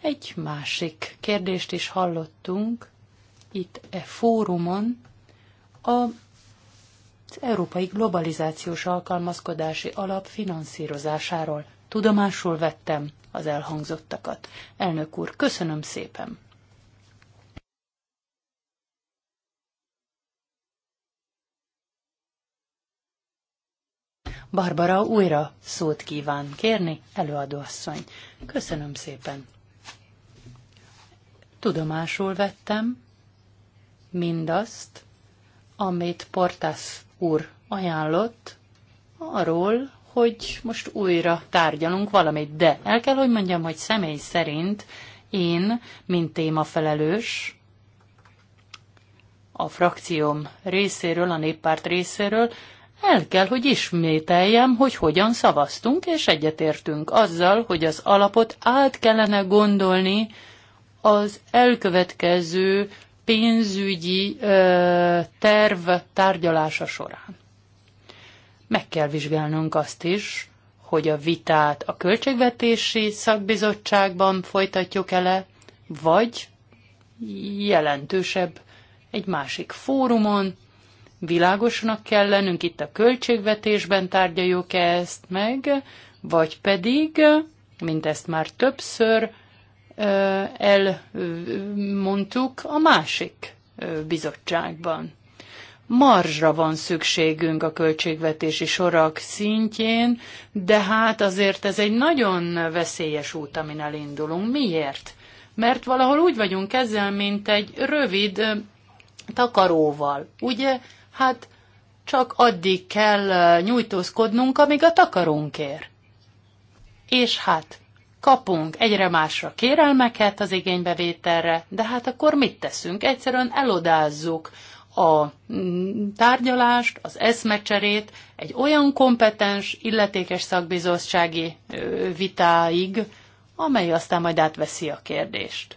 Egy másik kérdést is hallottunk itt e fórumon a, az Európai Globalizációs Alkalmazkodási Alap finanszírozásáról. Tudomásul vettem az elhangzottakat. Elnök úr, köszönöm szépen! Barbara újra szót kíván kérni, előadóasszony. Köszönöm szépen. Tudomásul vettem mindazt, amit Portas úr ajánlott arról, hogy most újra tárgyalunk valamit, de el kell, hogy mondjam, hogy személy szerint én, mint témafelelős, a frakcióm részéről, a néppárt részéről el kell, hogy ismételjem, hogy hogyan szavaztunk, és egyetértünk azzal, hogy az alapot át kellene gondolni az elkövetkező pénzügyi ö, terv tárgyalása során. Meg kell vizsgálnunk azt is, hogy a vitát a költségvetési szakbizottságban folytatjuk ele, vagy jelentősebb egy másik fórumon, Világosnak kell lennünk, itt a költségvetésben tárgyaljuk -e ezt meg, vagy pedig, mint ezt már többször elmondtuk, a másik bizottságban. Marzsra van szükségünk a költségvetési sorak szintjén, de hát azért ez egy nagyon veszélyes út, amin elindulunk. Miért? Mert valahol úgy vagyunk ezzel, mint egy rövid takaróval. Ugye hát csak addig kell nyújtózkodnunk, amíg a takarónk ér. És hát, kapunk egyre másra kérelmeket az igénybevételre, de hát akkor mit teszünk? Egyszerűen elodázzuk a mm, tárgyalást, az eszmecserét egy olyan kompetens, illetékes szakbizottsági vitáig, amely aztán majd átveszi a kérdést.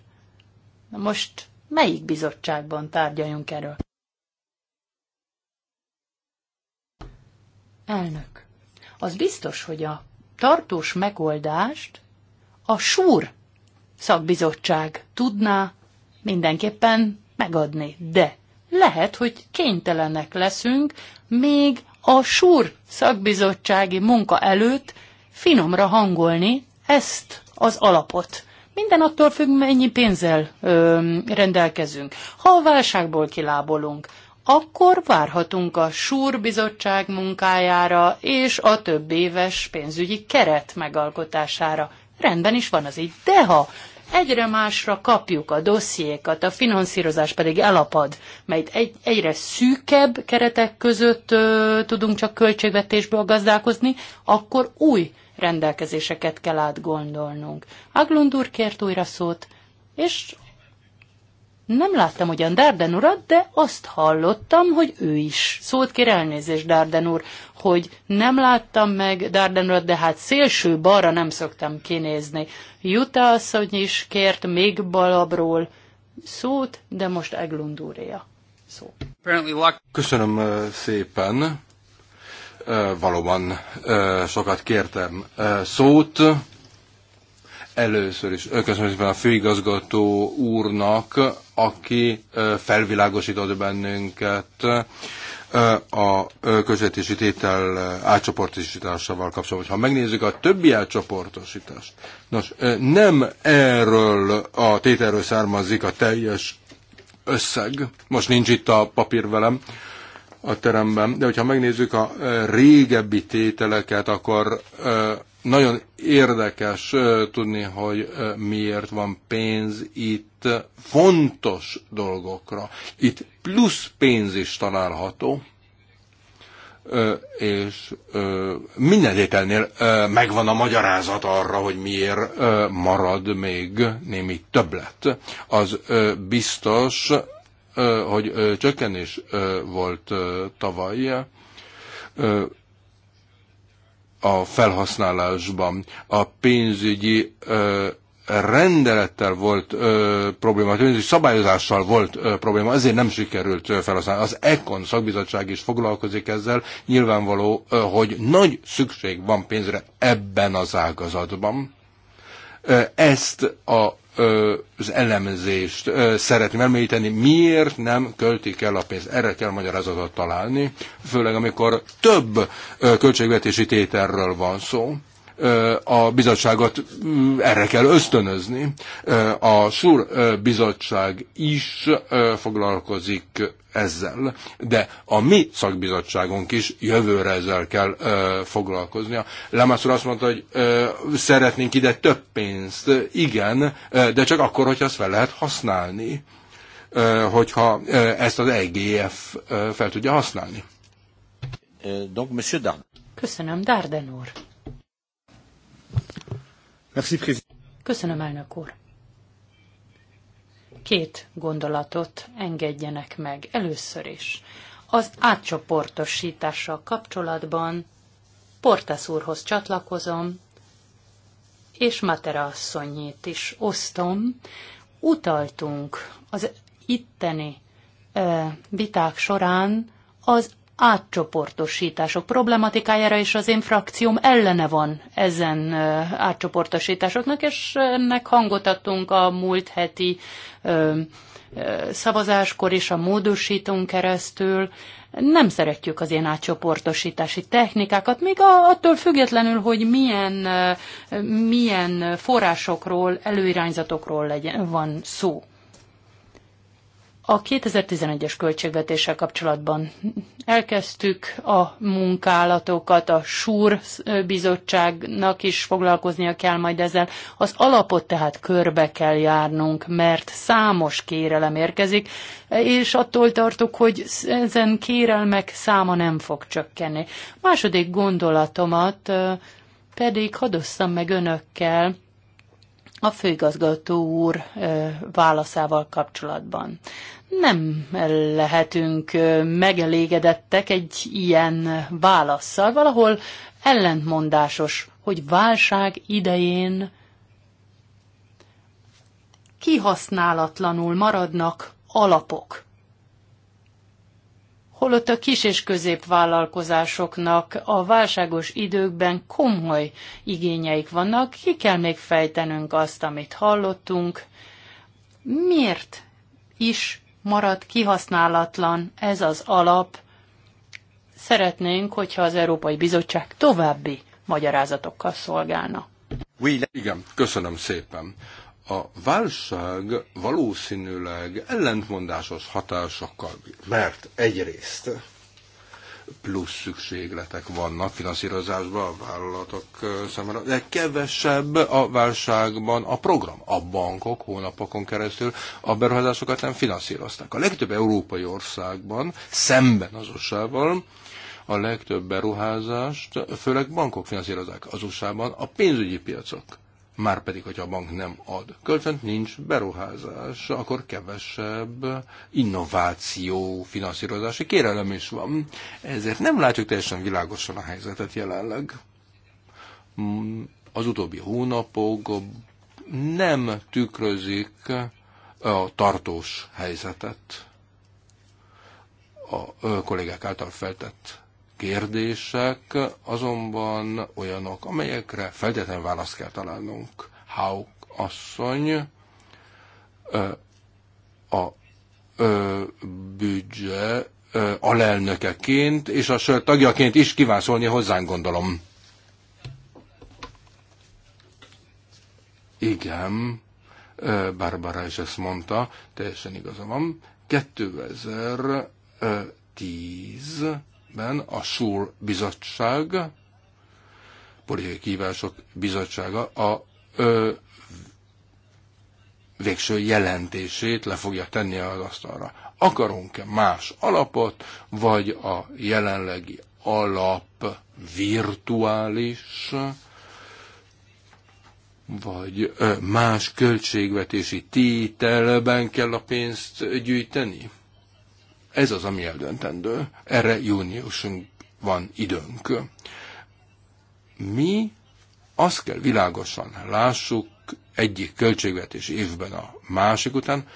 Na most melyik bizottságban tárgyaljunk erről? Elnök, az biztos, hogy a tartós megoldást a súr szakbizottság tudná mindenképpen megadni, de lehet, hogy kénytelenek leszünk még a súr szakbizottsági munka előtt finomra hangolni ezt az alapot. Minden attól függ, mennyi pénzzel ö, rendelkezünk. Ha a válságból kilábolunk, akkor várhatunk a SUR bizottság munkájára és a több éves pénzügyi keret megalkotására. Rendben is van az így, de ha egyre másra kapjuk a dossziékat, a finanszírozás pedig elapad, mert egy, egyre szűkebb keretek között ö, tudunk csak költségvetésből gazdálkozni, akkor új rendelkezéseket kell átgondolnunk. Aglund úr kért újra szót, és nem láttam ugyan Darden urat, de azt hallottam, hogy ő is. Szót kér elnézést, Darden úr, hogy nem láttam meg Darden urat, de hát szélső balra nem szoktam kinézni. Juta asszony is kért még balabról szót, de most Eglund úréja szó. Köszönöm szépen. Valóban sokat kértem szót Először is köszönöm a főigazgató úrnak, aki felvilágosított bennünket a közvetési tétel átcsoportosításával kapcsolatban. Ha megnézzük a többi átcsoportosítást, nos, nem erről a tételről származik a teljes összeg, most nincs itt a papír velem, a teremben, de hogyha megnézzük a régebbi tételeket, akkor nagyon érdekes tudni, hogy miért van pénz itt fontos dolgokra. Itt plusz pénz is található, és minden ételnél megvan a magyarázat arra, hogy miért marad még némi többlet. Az biztos, hogy csökkenés volt tavaly, a felhasználásban. A pénzügyi ö, rendelettel volt ö, probléma, a pénzügyi szabályozással volt ö, probléma, ezért nem sikerült ö, felhasználni. Az ECON szakbizottság is foglalkozik ezzel, nyilvánvaló, ö, hogy nagy szükség van pénzre ebben az ágazatban. Ö, ezt a az elemzést szeretném elmélyíteni, miért nem költik el a pénzt. Erre kell magyarázatot találni, főleg amikor több költségvetési tételről van szó, a bizottságot mm, erre kell ösztönözni. A SUR bizottság is foglalkozik ezzel, de a mi szakbizottságunk is jövőre ezzel kell ö, foglalkoznia. Lemász azt mondta, hogy ö, szeretnénk ide több pénzt, igen, ö, de csak akkor, hogyha ezt fel lehet használni, ö, hogyha ö, ezt az EGF ö, fel tudja használni. Monsieur Köszönöm, Darden úr. Köszönöm, elnök úr. Két gondolatot engedjenek meg először is. Az átcsoportosítással kapcsolatban Portas úrhoz csatlakozom, és Matera asszonyét is osztom. Utaltunk az itteni viták során az átcsoportosítások problematikájára, és az én frakcióm ellene van ezen átcsoportosításoknak, és ennek hangot adtunk a múlt heti ö, ö, szavazáskor is a módosítón keresztül. Nem szeretjük az ilyen átcsoportosítási technikákat, még attól függetlenül, hogy milyen, milyen forrásokról, előirányzatokról legyen, van szó. A 2011-es költségvetéssel kapcsolatban elkezdtük a munkálatokat, a SUR bizottságnak is foglalkoznia kell majd ezzel. Az alapot tehát körbe kell járnunk, mert számos kérelem érkezik, és attól tartok, hogy ezen kérelmek száma nem fog csökkenni. Második gondolatomat pedig hadosszam meg önökkel, a főigazgató úr válaszával kapcsolatban nem lehetünk megelégedettek egy ilyen válaszsal. Valahol ellentmondásos, hogy válság idején kihasználatlanul maradnak alapok. Holott a kis és középvállalkozásoknak a válságos időkben komoly igényeik vannak, ki kell még fejtenünk azt, amit hallottunk, miért is marad kihasználatlan ez az alap. Szeretnénk, hogyha az Európai Bizottság további magyarázatokkal szolgálna. Igen, köszönöm szépen. A válság valószínűleg ellentmondásos hatásokkal bír, mert egyrészt plusz szükségletek vannak finanszírozásban a vállalatok számára, de kevesebb a válságban a program. A bankok hónapokon keresztül a beruházásokat nem finanszírozták. A legtöbb európai országban, szemben az usa a legtöbb beruházást főleg bankok finanszírozák. Az usa a pénzügyi piacok Márpedig, hogyha a bank nem ad kölcsönt, nincs beruházás, akkor kevesebb innováció finanszírozási kérelem is van. Ezért nem látjuk teljesen világosan a helyzetet jelenleg. Az utóbbi hónapok nem tükrözik a tartós helyzetet a kollégák által feltett kérdések azonban olyanok, amelyekre feltétlenül választ kell találnunk. Hauk asszony a büdzse alelnökeként és a sör tagjaként is kíván szólni hozzánk, gondolom. Igen, Barbara is ezt mondta, teljesen igaza van. 2010 ben a SUR bizottság, politikai kívások bizottsága a ö, végső jelentését le fogja tenni az asztalra. Akarunk-e más alapot, vagy a jelenlegi alap virtuális, vagy más költségvetési tételben kell a pénzt gyűjteni? Ez az, ami eldöntendő. Erre júniusunk van időnk. Mi azt kell világosan lássuk egyik költségvetés évben a másik után,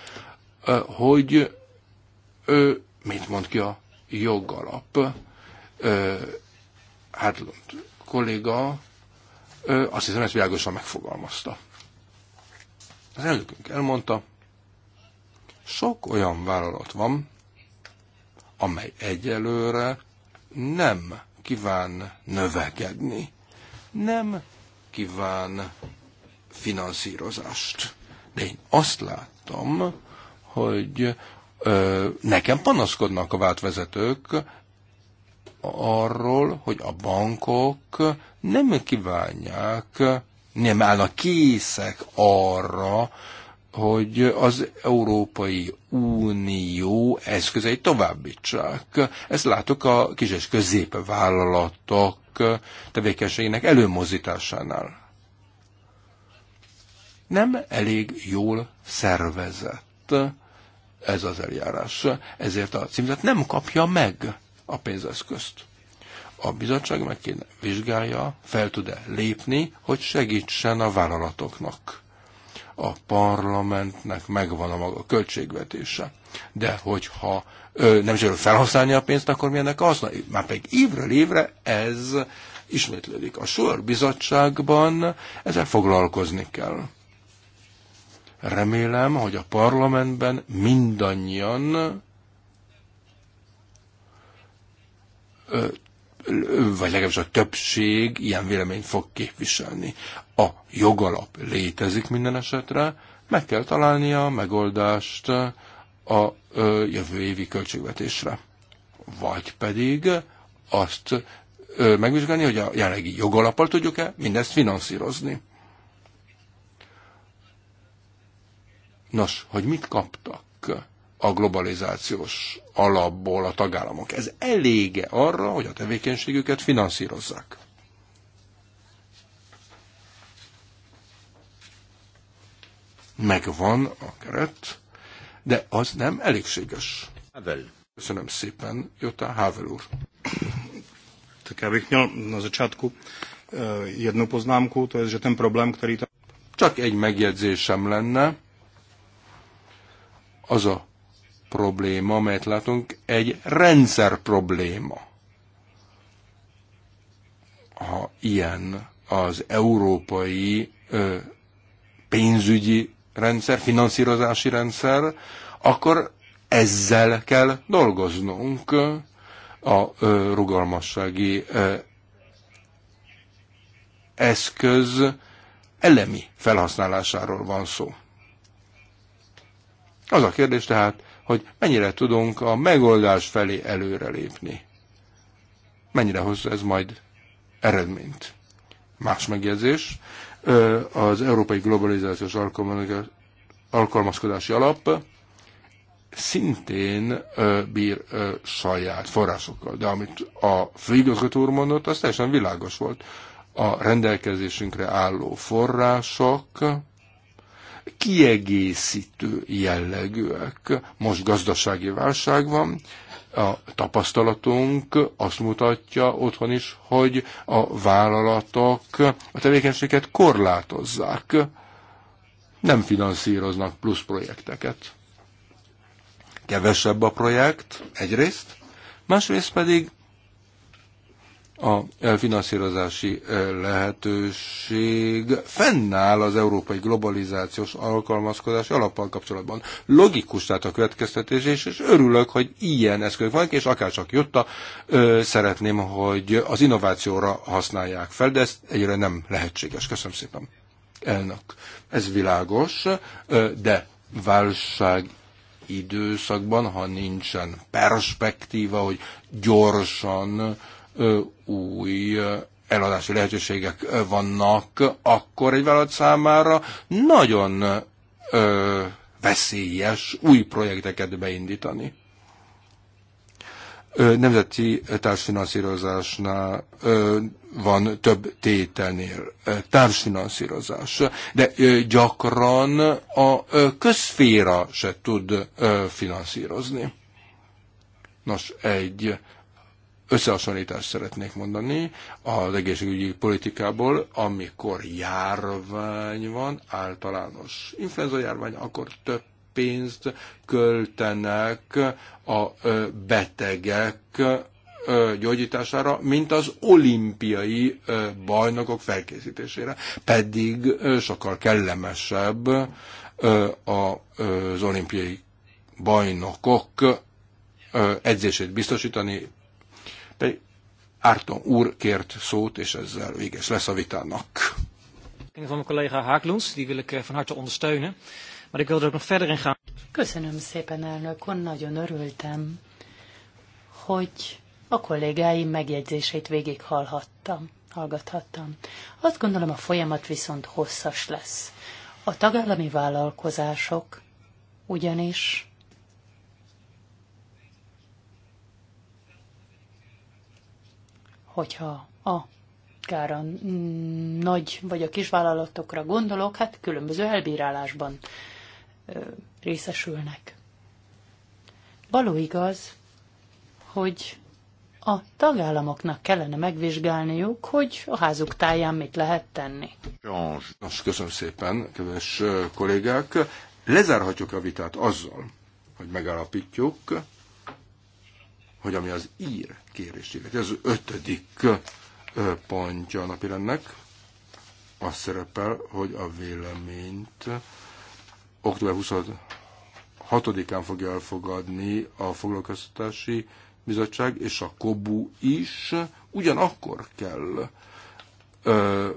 hogy ő mit mond ki a jogalap. Hadlund hát, kolléga azt hiszem, ezt világosan megfogalmazta. Az elnökünk elmondta, sok olyan vállalat van, amely egyelőre nem kíván növekedni, nem kíván finanszírozást. De én azt láttam, hogy ö, nekem panaszkodnak a váltvezetők arról, hogy a bankok nem kívánják, nem állnak készek arra, hogy az Európai Unió eszközei továbbítsák. Ezt látok a kis és középvállalatok tevékenységének előmozításánál. Nem elég jól szervezett ez az eljárás, ezért a címzet nem kapja meg a pénzeszközt. A bizottság meg kéne vizsgálja, fel tud-e lépni, hogy segítsen a vállalatoknak a parlamentnek megvan a maga költségvetése. De hogyha ö, nem sikerül felhasználni a pénzt, akkor mi ennek az? Már pedig évről évre ez ismétlődik. A Sor bizottságban ezzel foglalkozni kell. Remélem, hogy a parlamentben mindannyian ö, vagy legalábbis a többség ilyen véleményt fog képviselni. A jogalap létezik minden esetre, meg kell találni a megoldást a jövő évi költségvetésre. Vagy pedig azt megvizsgálni, hogy a jelenlegi jogalapal tudjuk-e mindezt finanszírozni. Nos, hogy mit kaptak a globalizációs alapból a tagállamok. Ez elége arra, hogy a tevékenységüket finanszírozzák. Megvan a keret, de az nem elégséges. Havel. Köszönöm szépen, Jota Havel úr. Tak já bych měl na začátku eh, jednu poznámku, to je, že ten problém, který... Csak egy megjegyzésem lenne, az a probléma, amelyet látunk, egy rendszer probléma. Ha ilyen az európai ö, pénzügyi rendszer, finanszírozási rendszer, akkor ezzel kell dolgoznunk a ö, rugalmassági ö, eszköz elemi felhasználásáról van szó. Az a kérdés tehát, hogy mennyire tudunk a megoldás felé előrelépni. Mennyire hoz ez majd eredményt. Más megjegyzés, az Európai Globalizációs Alkalmazkodási Alap szintén bír saját forrásokkal, de amit a főigazgató úr mondott, az teljesen világos volt. A rendelkezésünkre álló források kiegészítő jellegűek. Most gazdasági válság van, a tapasztalatunk azt mutatja otthon is, hogy a vállalatok a tevékenységet korlátozzák, nem finanszíroznak plusz projekteket. Kevesebb a projekt, egyrészt, másrészt pedig a finanszírozási eh, lehetőség fennáll az európai globalizációs alkalmazkodás alappal kapcsolatban. Logikus tehát a következtetés, és, és örülök, hogy ilyen eszközök vannak, és akárcsak jött a, eh, szeretném, hogy az innovációra használják fel, de ez egyre nem lehetséges. Köszönöm szépen. Elnök. Ez világos, eh, de válság időszakban, ha nincsen perspektíva, hogy gyorsan új eladási lehetőségek vannak, akkor egy vállalat számára nagyon ö, veszélyes új projekteket beindítani. Ö, nemzeti társfinanszírozásnál ö, van több tételnél társfinanszírozás, de ö, gyakran a ö, közféra se tud ö, finanszírozni. Nos, egy összehasonlítást szeretnék mondani az egészségügyi politikából, amikor járvány van, általános influenza járvány, akkor több pénzt költenek a betegek gyógyítására, mint az olimpiai bajnokok felkészítésére. Pedig sokkal kellemesebb az olimpiai bajnokok edzését biztosítani pedig Árton úr kért szót, és ezzel véges lesz a vitának. Van a collega Haaklunds, die wil ik eh, van harte ondersteunen. Maar ik wil er ook nog verder in gaan. Köszönöm szépen, elnök úr, nagyon örültem, hogy a kollégáim megjegyzéseit végig hallhattam, hallgathattam. Azt gondolom, a folyamat viszont hosszas lesz. A tagállami vállalkozások ugyanis hogyha a akár a nagy vagy a kisvállalatokra gondolok, hát különböző elbírálásban ö, részesülnek. Való igaz, hogy a tagállamoknak kellene megvizsgálniuk, hogy a házuk táján mit lehet tenni. Nos, köszönöm szépen, kedves kollégák. Lezárhatjuk a vitát azzal, hogy megállapítjuk, hogy ami az ír kérést Ez Az ötödik pontja a napirendnek az szerepel, hogy a véleményt október 26-án fogja elfogadni a foglalkoztatási bizottság, és a KOBU is ugyanakkor kell ö,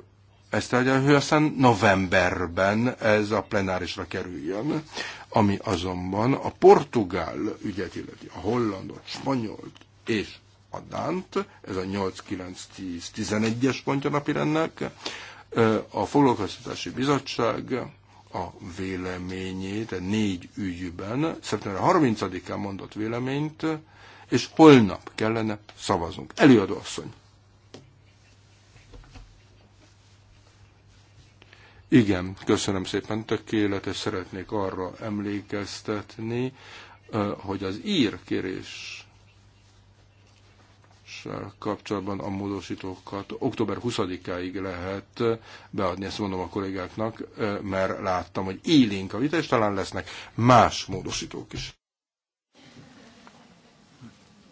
ezt tárgyalni, hogy aztán novemberben ez a plenárisra kerüljön, ami azonban a portugál ügyet illeti, a hollandot, spanyolt és a Dánt, ez a 8, 9, 10, 11-es pontja napirendnek. A Foglalkoztatási Bizottság a véleményét a négy ügyben szeptember 30-án mondott véleményt, és holnap kellene szavaznunk. Előadó asszony. Igen, köszönöm szépen, tökéletes. Szeretnék arra emlékeztetni, hogy az ír kérés kapcsolatban a módosítókat október 20-áig lehet beadni, ezt mondom a kollégáknak, mert láttam, hogy élénk a vita, és talán lesznek más módosítók is.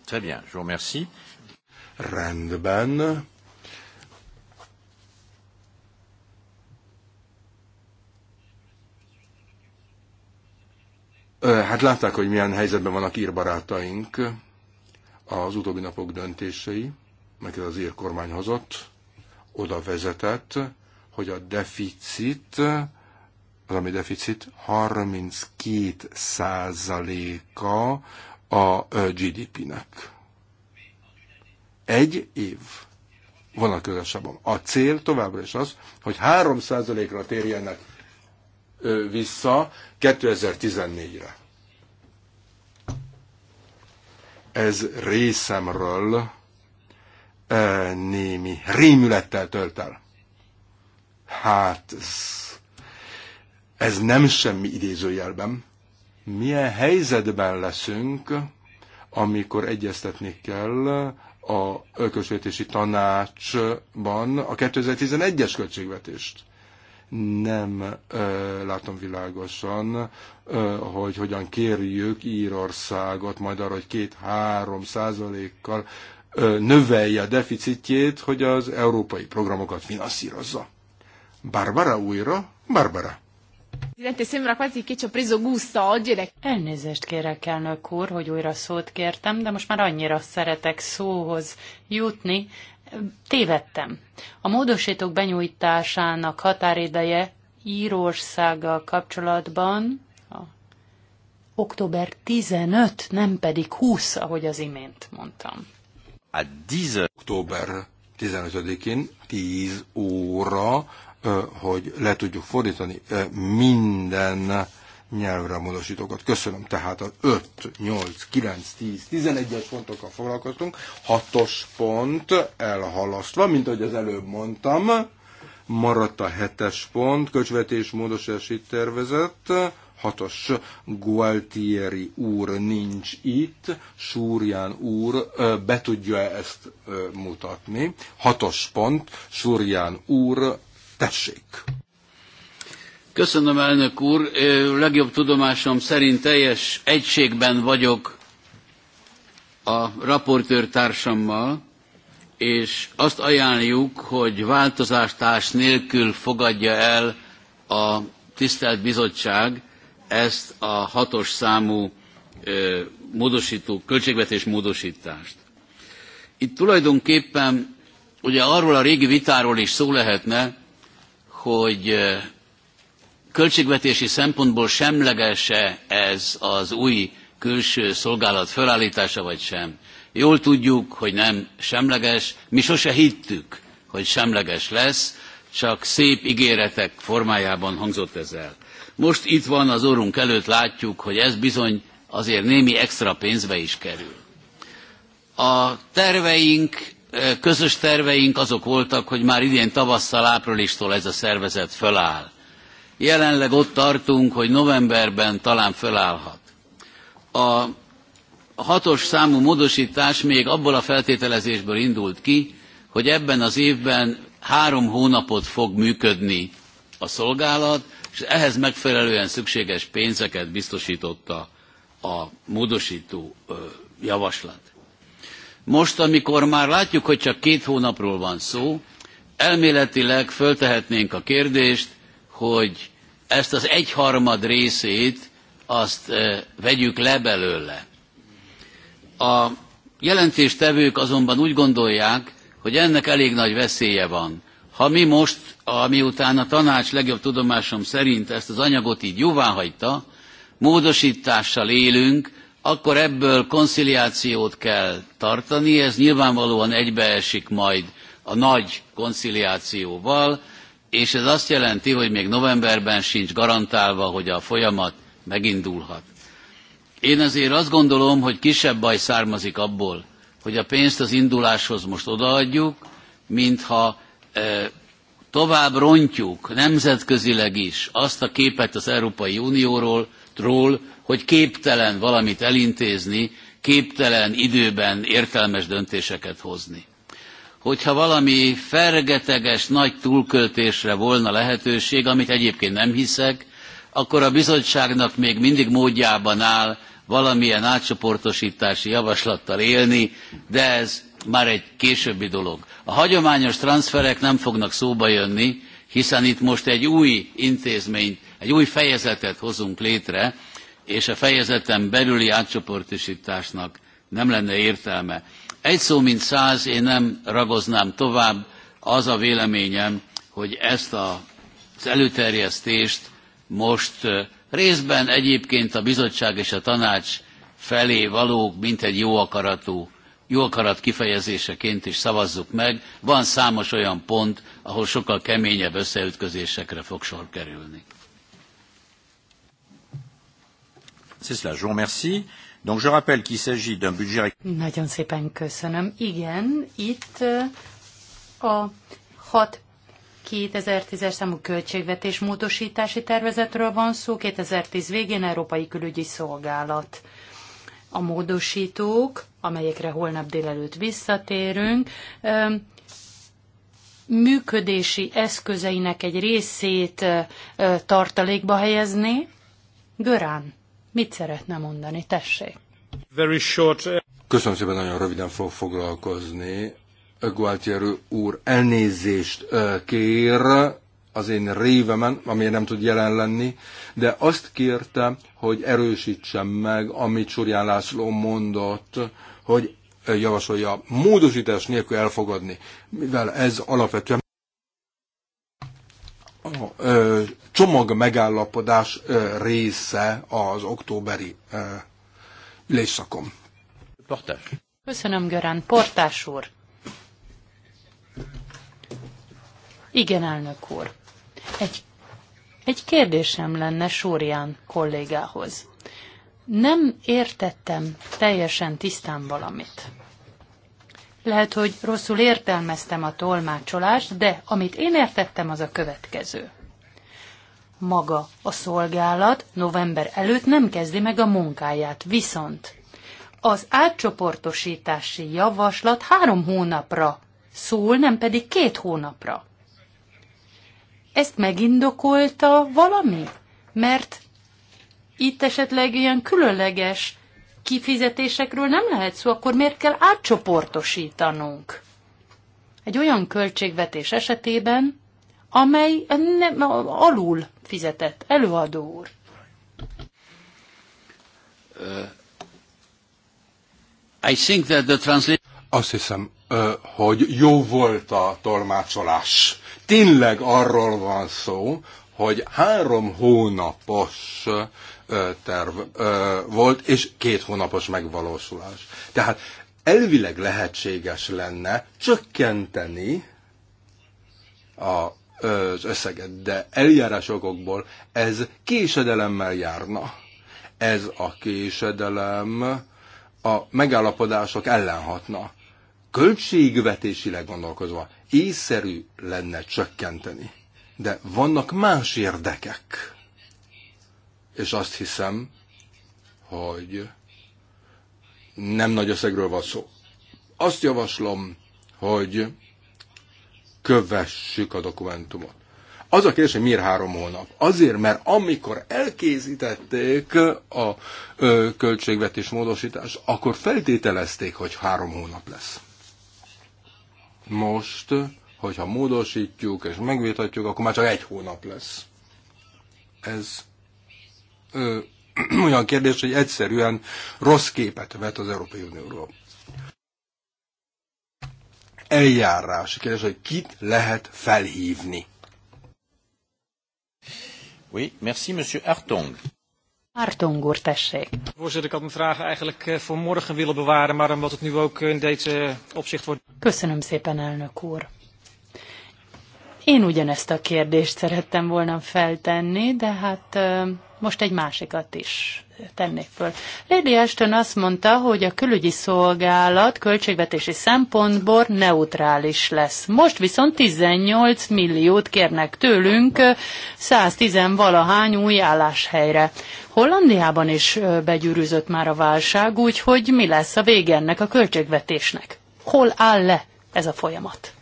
Très bien, je vous remercie. Rendben. Hát látták, hogy milyen helyzetben vannak írbarátaink az utóbbi napok döntései, meg az ír kormány hozott, oda vezetett, hogy a deficit, az ami deficit 32 százaléka a GDP-nek. Egy év van A cél továbbra is az, hogy 3 ra térjenek vissza 2014-re. ez részemről e, némi rémülettel tölt el. Hát, ez, ez nem semmi idézőjelben. Milyen helyzetben leszünk, amikor egyeztetni kell a költségvetési tanácsban a 2011-es költségvetést? nem ö, látom világosan, ö, hogy hogyan kérjük Írországot majd arra, hogy két-három százalékkal ö, növelje a deficitjét, hogy az európai programokat finanszírozza. Barbara újra, Barbara. Presidente, quasi che ci preso oggi. Elnézést kérek, elnök úr, hogy újra szót kértem, de most már annyira szeretek szóhoz jutni, tévedtem. A módosítók benyújtásának határideje Írországgal kapcsolatban a október 15, nem pedig 20, ahogy az imént mondtam. A 10 október 15-én 10 óra, hogy le tudjuk fordítani minden nyelvre módosítókat. Köszönöm tehát az 5, 8, 9, 10, 11-es pontokkal foglalkoztunk, 6-os pont elhalasztva, mint ahogy az előbb mondtam, maradt a 7-es pont, köcsvetés módosítási tervezet, 6-os Gualtieri úr nincs itt, Súrján úr be tudja ezt mutatni. 6-os pont, Súrján úr, tessék! Köszönöm, elnök úr. Legjobb tudomásom szerint teljes egységben vagyok a raportőr társammal, és azt ajánljuk, hogy változástárs nélkül fogadja el a tisztelt bizottság ezt a hatos számú módosító, költségvetés módosítást. Itt tulajdonképpen ugye arról a régi vitáról is szó lehetne, hogy költségvetési szempontból semlegese ez az új külső szolgálat felállítása, vagy sem. Jól tudjuk, hogy nem semleges, mi sose hittük, hogy semleges lesz, csak szép ígéretek formájában hangzott ez el. Most itt van az orrunk előtt, látjuk, hogy ez bizony azért némi extra pénzbe is kerül. A terveink, közös terveink azok voltak, hogy már idén tavasszal, áprilistól ez a szervezet föláll. Jelenleg ott tartunk, hogy novemberben talán felállhat. A hatos számú módosítás még abból a feltételezésből indult ki, hogy ebben az évben három hónapot fog működni a szolgálat, és ehhez megfelelően szükséges pénzeket biztosította a módosító javaslat. Most, amikor már látjuk, hogy csak két hónapról van szó, elméletileg föltehetnénk a kérdést, hogy ezt az egyharmad részét azt vegyük le belőle. A jelentéstevők azonban úgy gondolják, hogy ennek elég nagy veszélye van. Ha mi most, amiután a tanács legjobb tudomásom szerint ezt az anyagot így jóvá hagyta, módosítással élünk, akkor ebből konciliációt kell tartani, ez nyilvánvalóan egybeesik majd a nagy konciliációval, és ez azt jelenti, hogy még novemberben sincs garantálva, hogy a folyamat megindulhat. Én azért azt gondolom, hogy kisebb baj származik abból, hogy a pénzt az induláshoz most odaadjuk, mintha e, tovább rontjuk nemzetközileg is azt a képet az Európai Unióról, ról, hogy képtelen valamit elintézni, képtelen időben értelmes döntéseket hozni hogyha valami fergeteges nagy túlköltésre volna lehetőség, amit egyébként nem hiszek, akkor a bizottságnak még mindig módjában áll valamilyen átcsoportosítási javaslattal élni, de ez már egy későbbi dolog. A hagyományos transferek nem fognak szóba jönni, hiszen itt most egy új intézményt, egy új fejezetet hozunk létre, és a fejezeten belüli átcsoportosításnak nem lenne értelme. Egy szó, mint száz, én nem ragoznám tovább. Az a véleményem, hogy ezt a, az előterjesztést most részben egyébként a bizottság és a tanács felé való, mint egy jó akaratú jó akarat kifejezéseként is szavazzuk meg. Van számos olyan pont, ahol sokkal keményebb összeütközésekre fog sor kerülni. C'est cela, je vous remercie. Donc je rappelle qu'il s'agit d'un budget... Nagyon szépen köszönöm. Igen, itt a 6 2010-es számú költségvetés módosítási tervezetről van szó, 2010 végén Európai Külügyi Szolgálat. A módosítók, amelyekre holnap délelőtt visszatérünk, működési eszközeinek egy részét tartalékba helyezni. Görán. Mit szeretne mondani? Tessék. Very short. Eh, Köszönöm szépen, nagyon röviden fog foglalkozni. Gualtieri úr elnézést eh, kér az én révemen, amiért nem tud jelen lenni, de azt kérte, hogy erősítsem meg, amit Surján László mondott, hogy eh, javasolja módosítás nélkül elfogadni, mivel ez alapvetően csomag megállapodás része az októberi ülésszakom. Portás. Köszönöm, Görán. Portás úr. Igen, elnök úr. Egy, egy kérdésem lenne Súrján kollégához. Nem értettem teljesen tisztán valamit. Lehet, hogy rosszul értelmeztem a tolmácsolást, de amit én értettem, az a következő. Maga a szolgálat november előtt nem kezdi meg a munkáját, viszont az átcsoportosítási javaslat három hónapra szól, nem pedig két hónapra. Ezt megindokolta valami? Mert itt esetleg ilyen különleges kifizetésekről nem lehet szó, akkor miért kell átcsoportosítanunk? Egy olyan költségvetés esetében, amely nem, alul fizetett előadó úr. Uh, I think that the translation... Azt hiszem, hogy jó volt a tolmácsolás. Tényleg arról van szó, hogy három hónapos terv volt, és két hónapos megvalósulás. Tehát elvileg lehetséges lenne csökkenteni a az összeget, de eljárásokból ez késedelemmel járna. Ez a késedelem a megállapodások ellen hatna. Költségvetésileg gondolkozva észszerű lenne csökkenteni. De vannak más érdekek és azt hiszem, hogy nem nagy összegről van szó. Azt javaslom, hogy kövessük a dokumentumot. Az a kérdés, hogy miért három hónap? Azért, mert amikor elkészítették a ö, költségvetés módosítást, akkor feltételezték, hogy három hónap lesz. Most, hogyha módosítjuk és megvitatjuk, akkor már csak egy hónap lesz. Ez olyan kérdés, hogy egyszerűen rossz képet vet az Európai Unióról. Eljárás. Kérdés, hogy kit lehet felhívni. Oui, merci, monsieur Artong. Artong úr, tessék. Voorzitter, ik had een vraag eigenlijk eh, voor morgen willen bewaren, maar omdat het nu ook in deze eh, opzicht wordt... Köszönöm szépen, elnök úr. Én ugyanezt a kérdést szerettem volna feltenni, de hát eh, most egy másikat is tennék föl. Lady Ashton azt mondta, hogy a külügyi szolgálat költségvetési szempontból neutrális lesz. Most viszont 18 milliót kérnek tőlünk 110 valahány új álláshelyre. Hollandiában is begyűrűzött már a válság, úgyhogy mi lesz a vége ennek a költségvetésnek? Hol áll le ez a folyamat?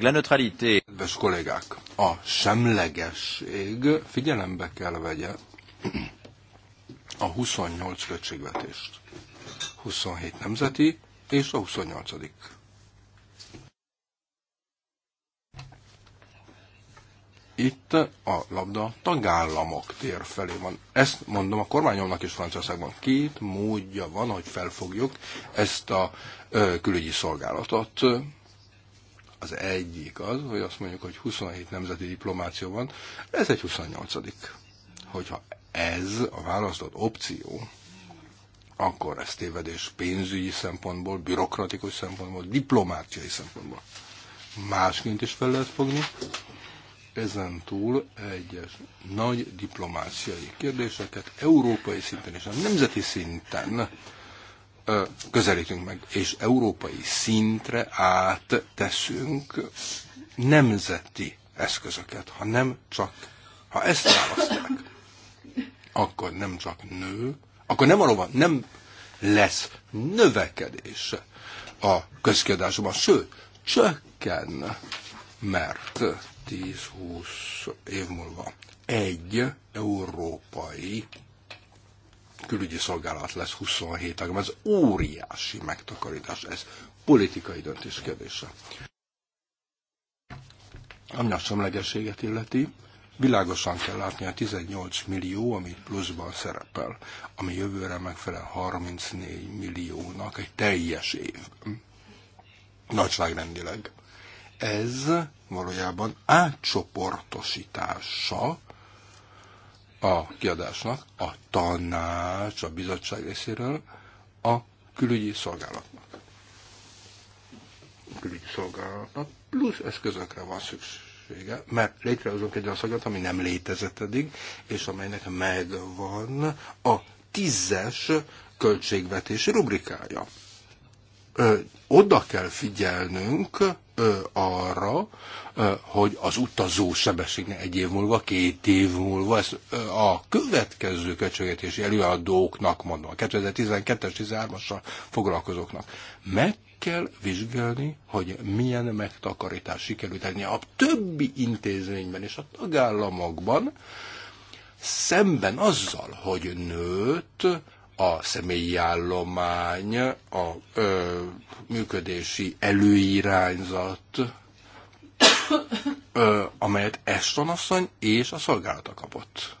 La neutralité. Kedves kollégák, a semlegesség figyelembe kell vegye, a 28 költségvetést. 27 nemzeti és a 28. Itt a labda tagállamok tér felé van. Ezt mondom a kormányomnak is Franciaországban. Két módja van, hogy felfogjuk ezt a ö, külügyi szolgálatot. Az egyik az, hogy azt mondjuk, hogy 27 nemzeti diplomáció van, ez egy 28 hogyha ez a választott opció, akkor ez tévedés pénzügyi szempontból, bürokratikus szempontból, diplomáciai szempontból. Másként is fel lehet fogni. Ezen túl egyes nagy diplomáciai kérdéseket európai szinten és a nemzeti szinten közelítünk meg, és európai szintre átteszünk nemzeti eszközöket, ha nem csak, ha ezt választják akkor nem csak nő, akkor nem arról van, nem lesz növekedés a közkiadásban, sőt, csökken, mert 10-20 év múlva egy európai külügyi szolgálat lesz 27 tagom. Ez óriási megtakarítás, ez politikai döntés kérdése. Ami a semlegességet illeti, Világosan kell látni a 18 millió, ami pluszban szerepel, ami jövőre megfelel 34 milliónak egy teljes év. Nagyságrendileg. Ez valójában átcsoportosítása a kiadásnak, a tanács, a bizottság részéről a külügyi szolgálatnak. A külügyi szolgálatnak plusz eszközökre van szükség szüksége, mert létrehozunk egy asszonyat, ami nem létezett eddig, és amelynek megvan a tízes költségvetési rubrikája. Ö, oda kell figyelnünk ö, arra, ö, hogy az utazó sebesség egy év múlva, két év múlva, ezt ö, a következő költségvetési előadóknak mondom, a 2012-es, 2013 asra foglalkozóknak. Meg kell vizsgálni, hogy milyen megtakarítás sikerült elérni a többi intézményben és a tagállamokban, szemben azzal, hogy nőtt a személyi állomány, a ö, működési előirányzat, ö, amelyet Eston asszony és a szolgálata kapott.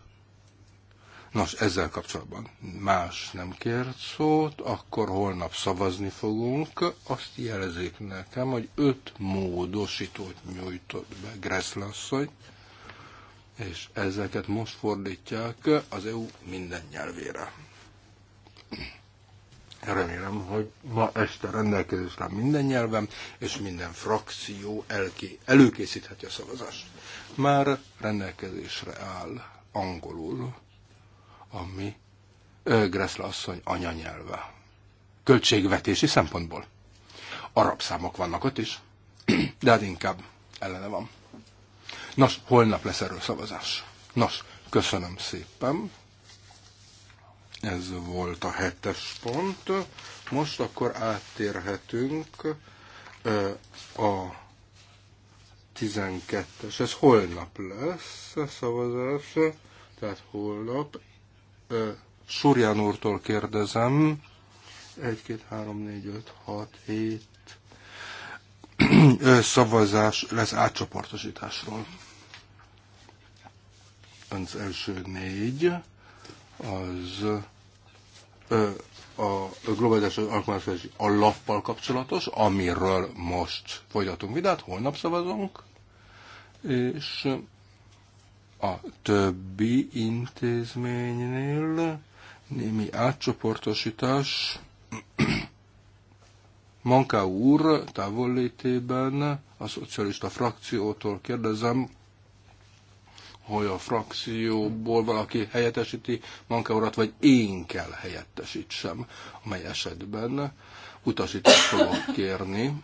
Nos, ezzel kapcsolatban más nem kért szót, akkor holnap szavazni fogunk. Azt jelezik nekem, hogy öt módosítót nyújtott be Greszlasszony, és ezeket most fordítják az EU minden nyelvére. Remélem, hogy ma este rendelkezésre minden nyelven, és minden frakció elké- előkészítheti a szavazást. Már rendelkezésre áll angolul ami Gressle asszony anyanyelve. Költségvetési szempontból. Arab számok vannak ott is, de hát inkább ellene van. Nos, holnap lesz erről szavazás. Nos, köszönöm szépen. Ez volt a hetes pont. Most akkor áttérhetünk a 12-es, ez holnap lesz a szavazás, tehát holnap Surján úrtól kérdezem. 1, 2, 3, 4, 5, 6, 7 szavazás lesz átcsoportosításról. Az első négy az ö, a globális alkalmazási alappal kapcsolatos, amiről most folytatunk vidát, holnap szavazunk, és a többi intézménynél némi átcsoportosítás Manka úr távollétében a szocialista frakciótól kérdezem, hogy a frakcióból valaki helyettesíti Manka urat, vagy én kell helyettesítsem, amely esetben utasítást fogok kérni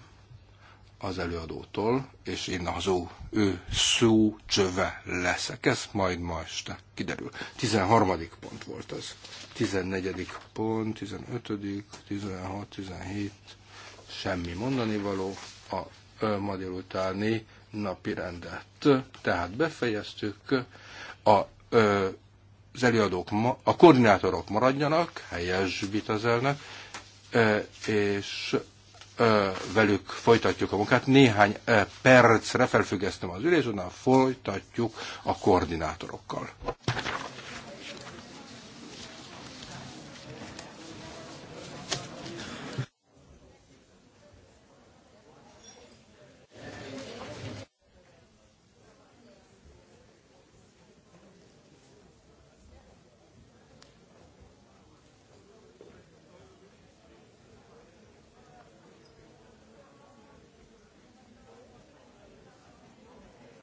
az előadótól, és én az ó, ő szó csöve leszek. Ez majd ma este kiderül. 13. pont volt az. 14. pont, 15., 16., 17. Semmi mondani való a ma délutáni napi rendet. Tehát befejeztük a ö, az előadók, ma, a koordinátorok maradjanak, helyes vitazelnek, és velük folytatjuk a munkát. Néhány percre felfüggesztem az ülést, onnan folytatjuk a koordinátorokkal.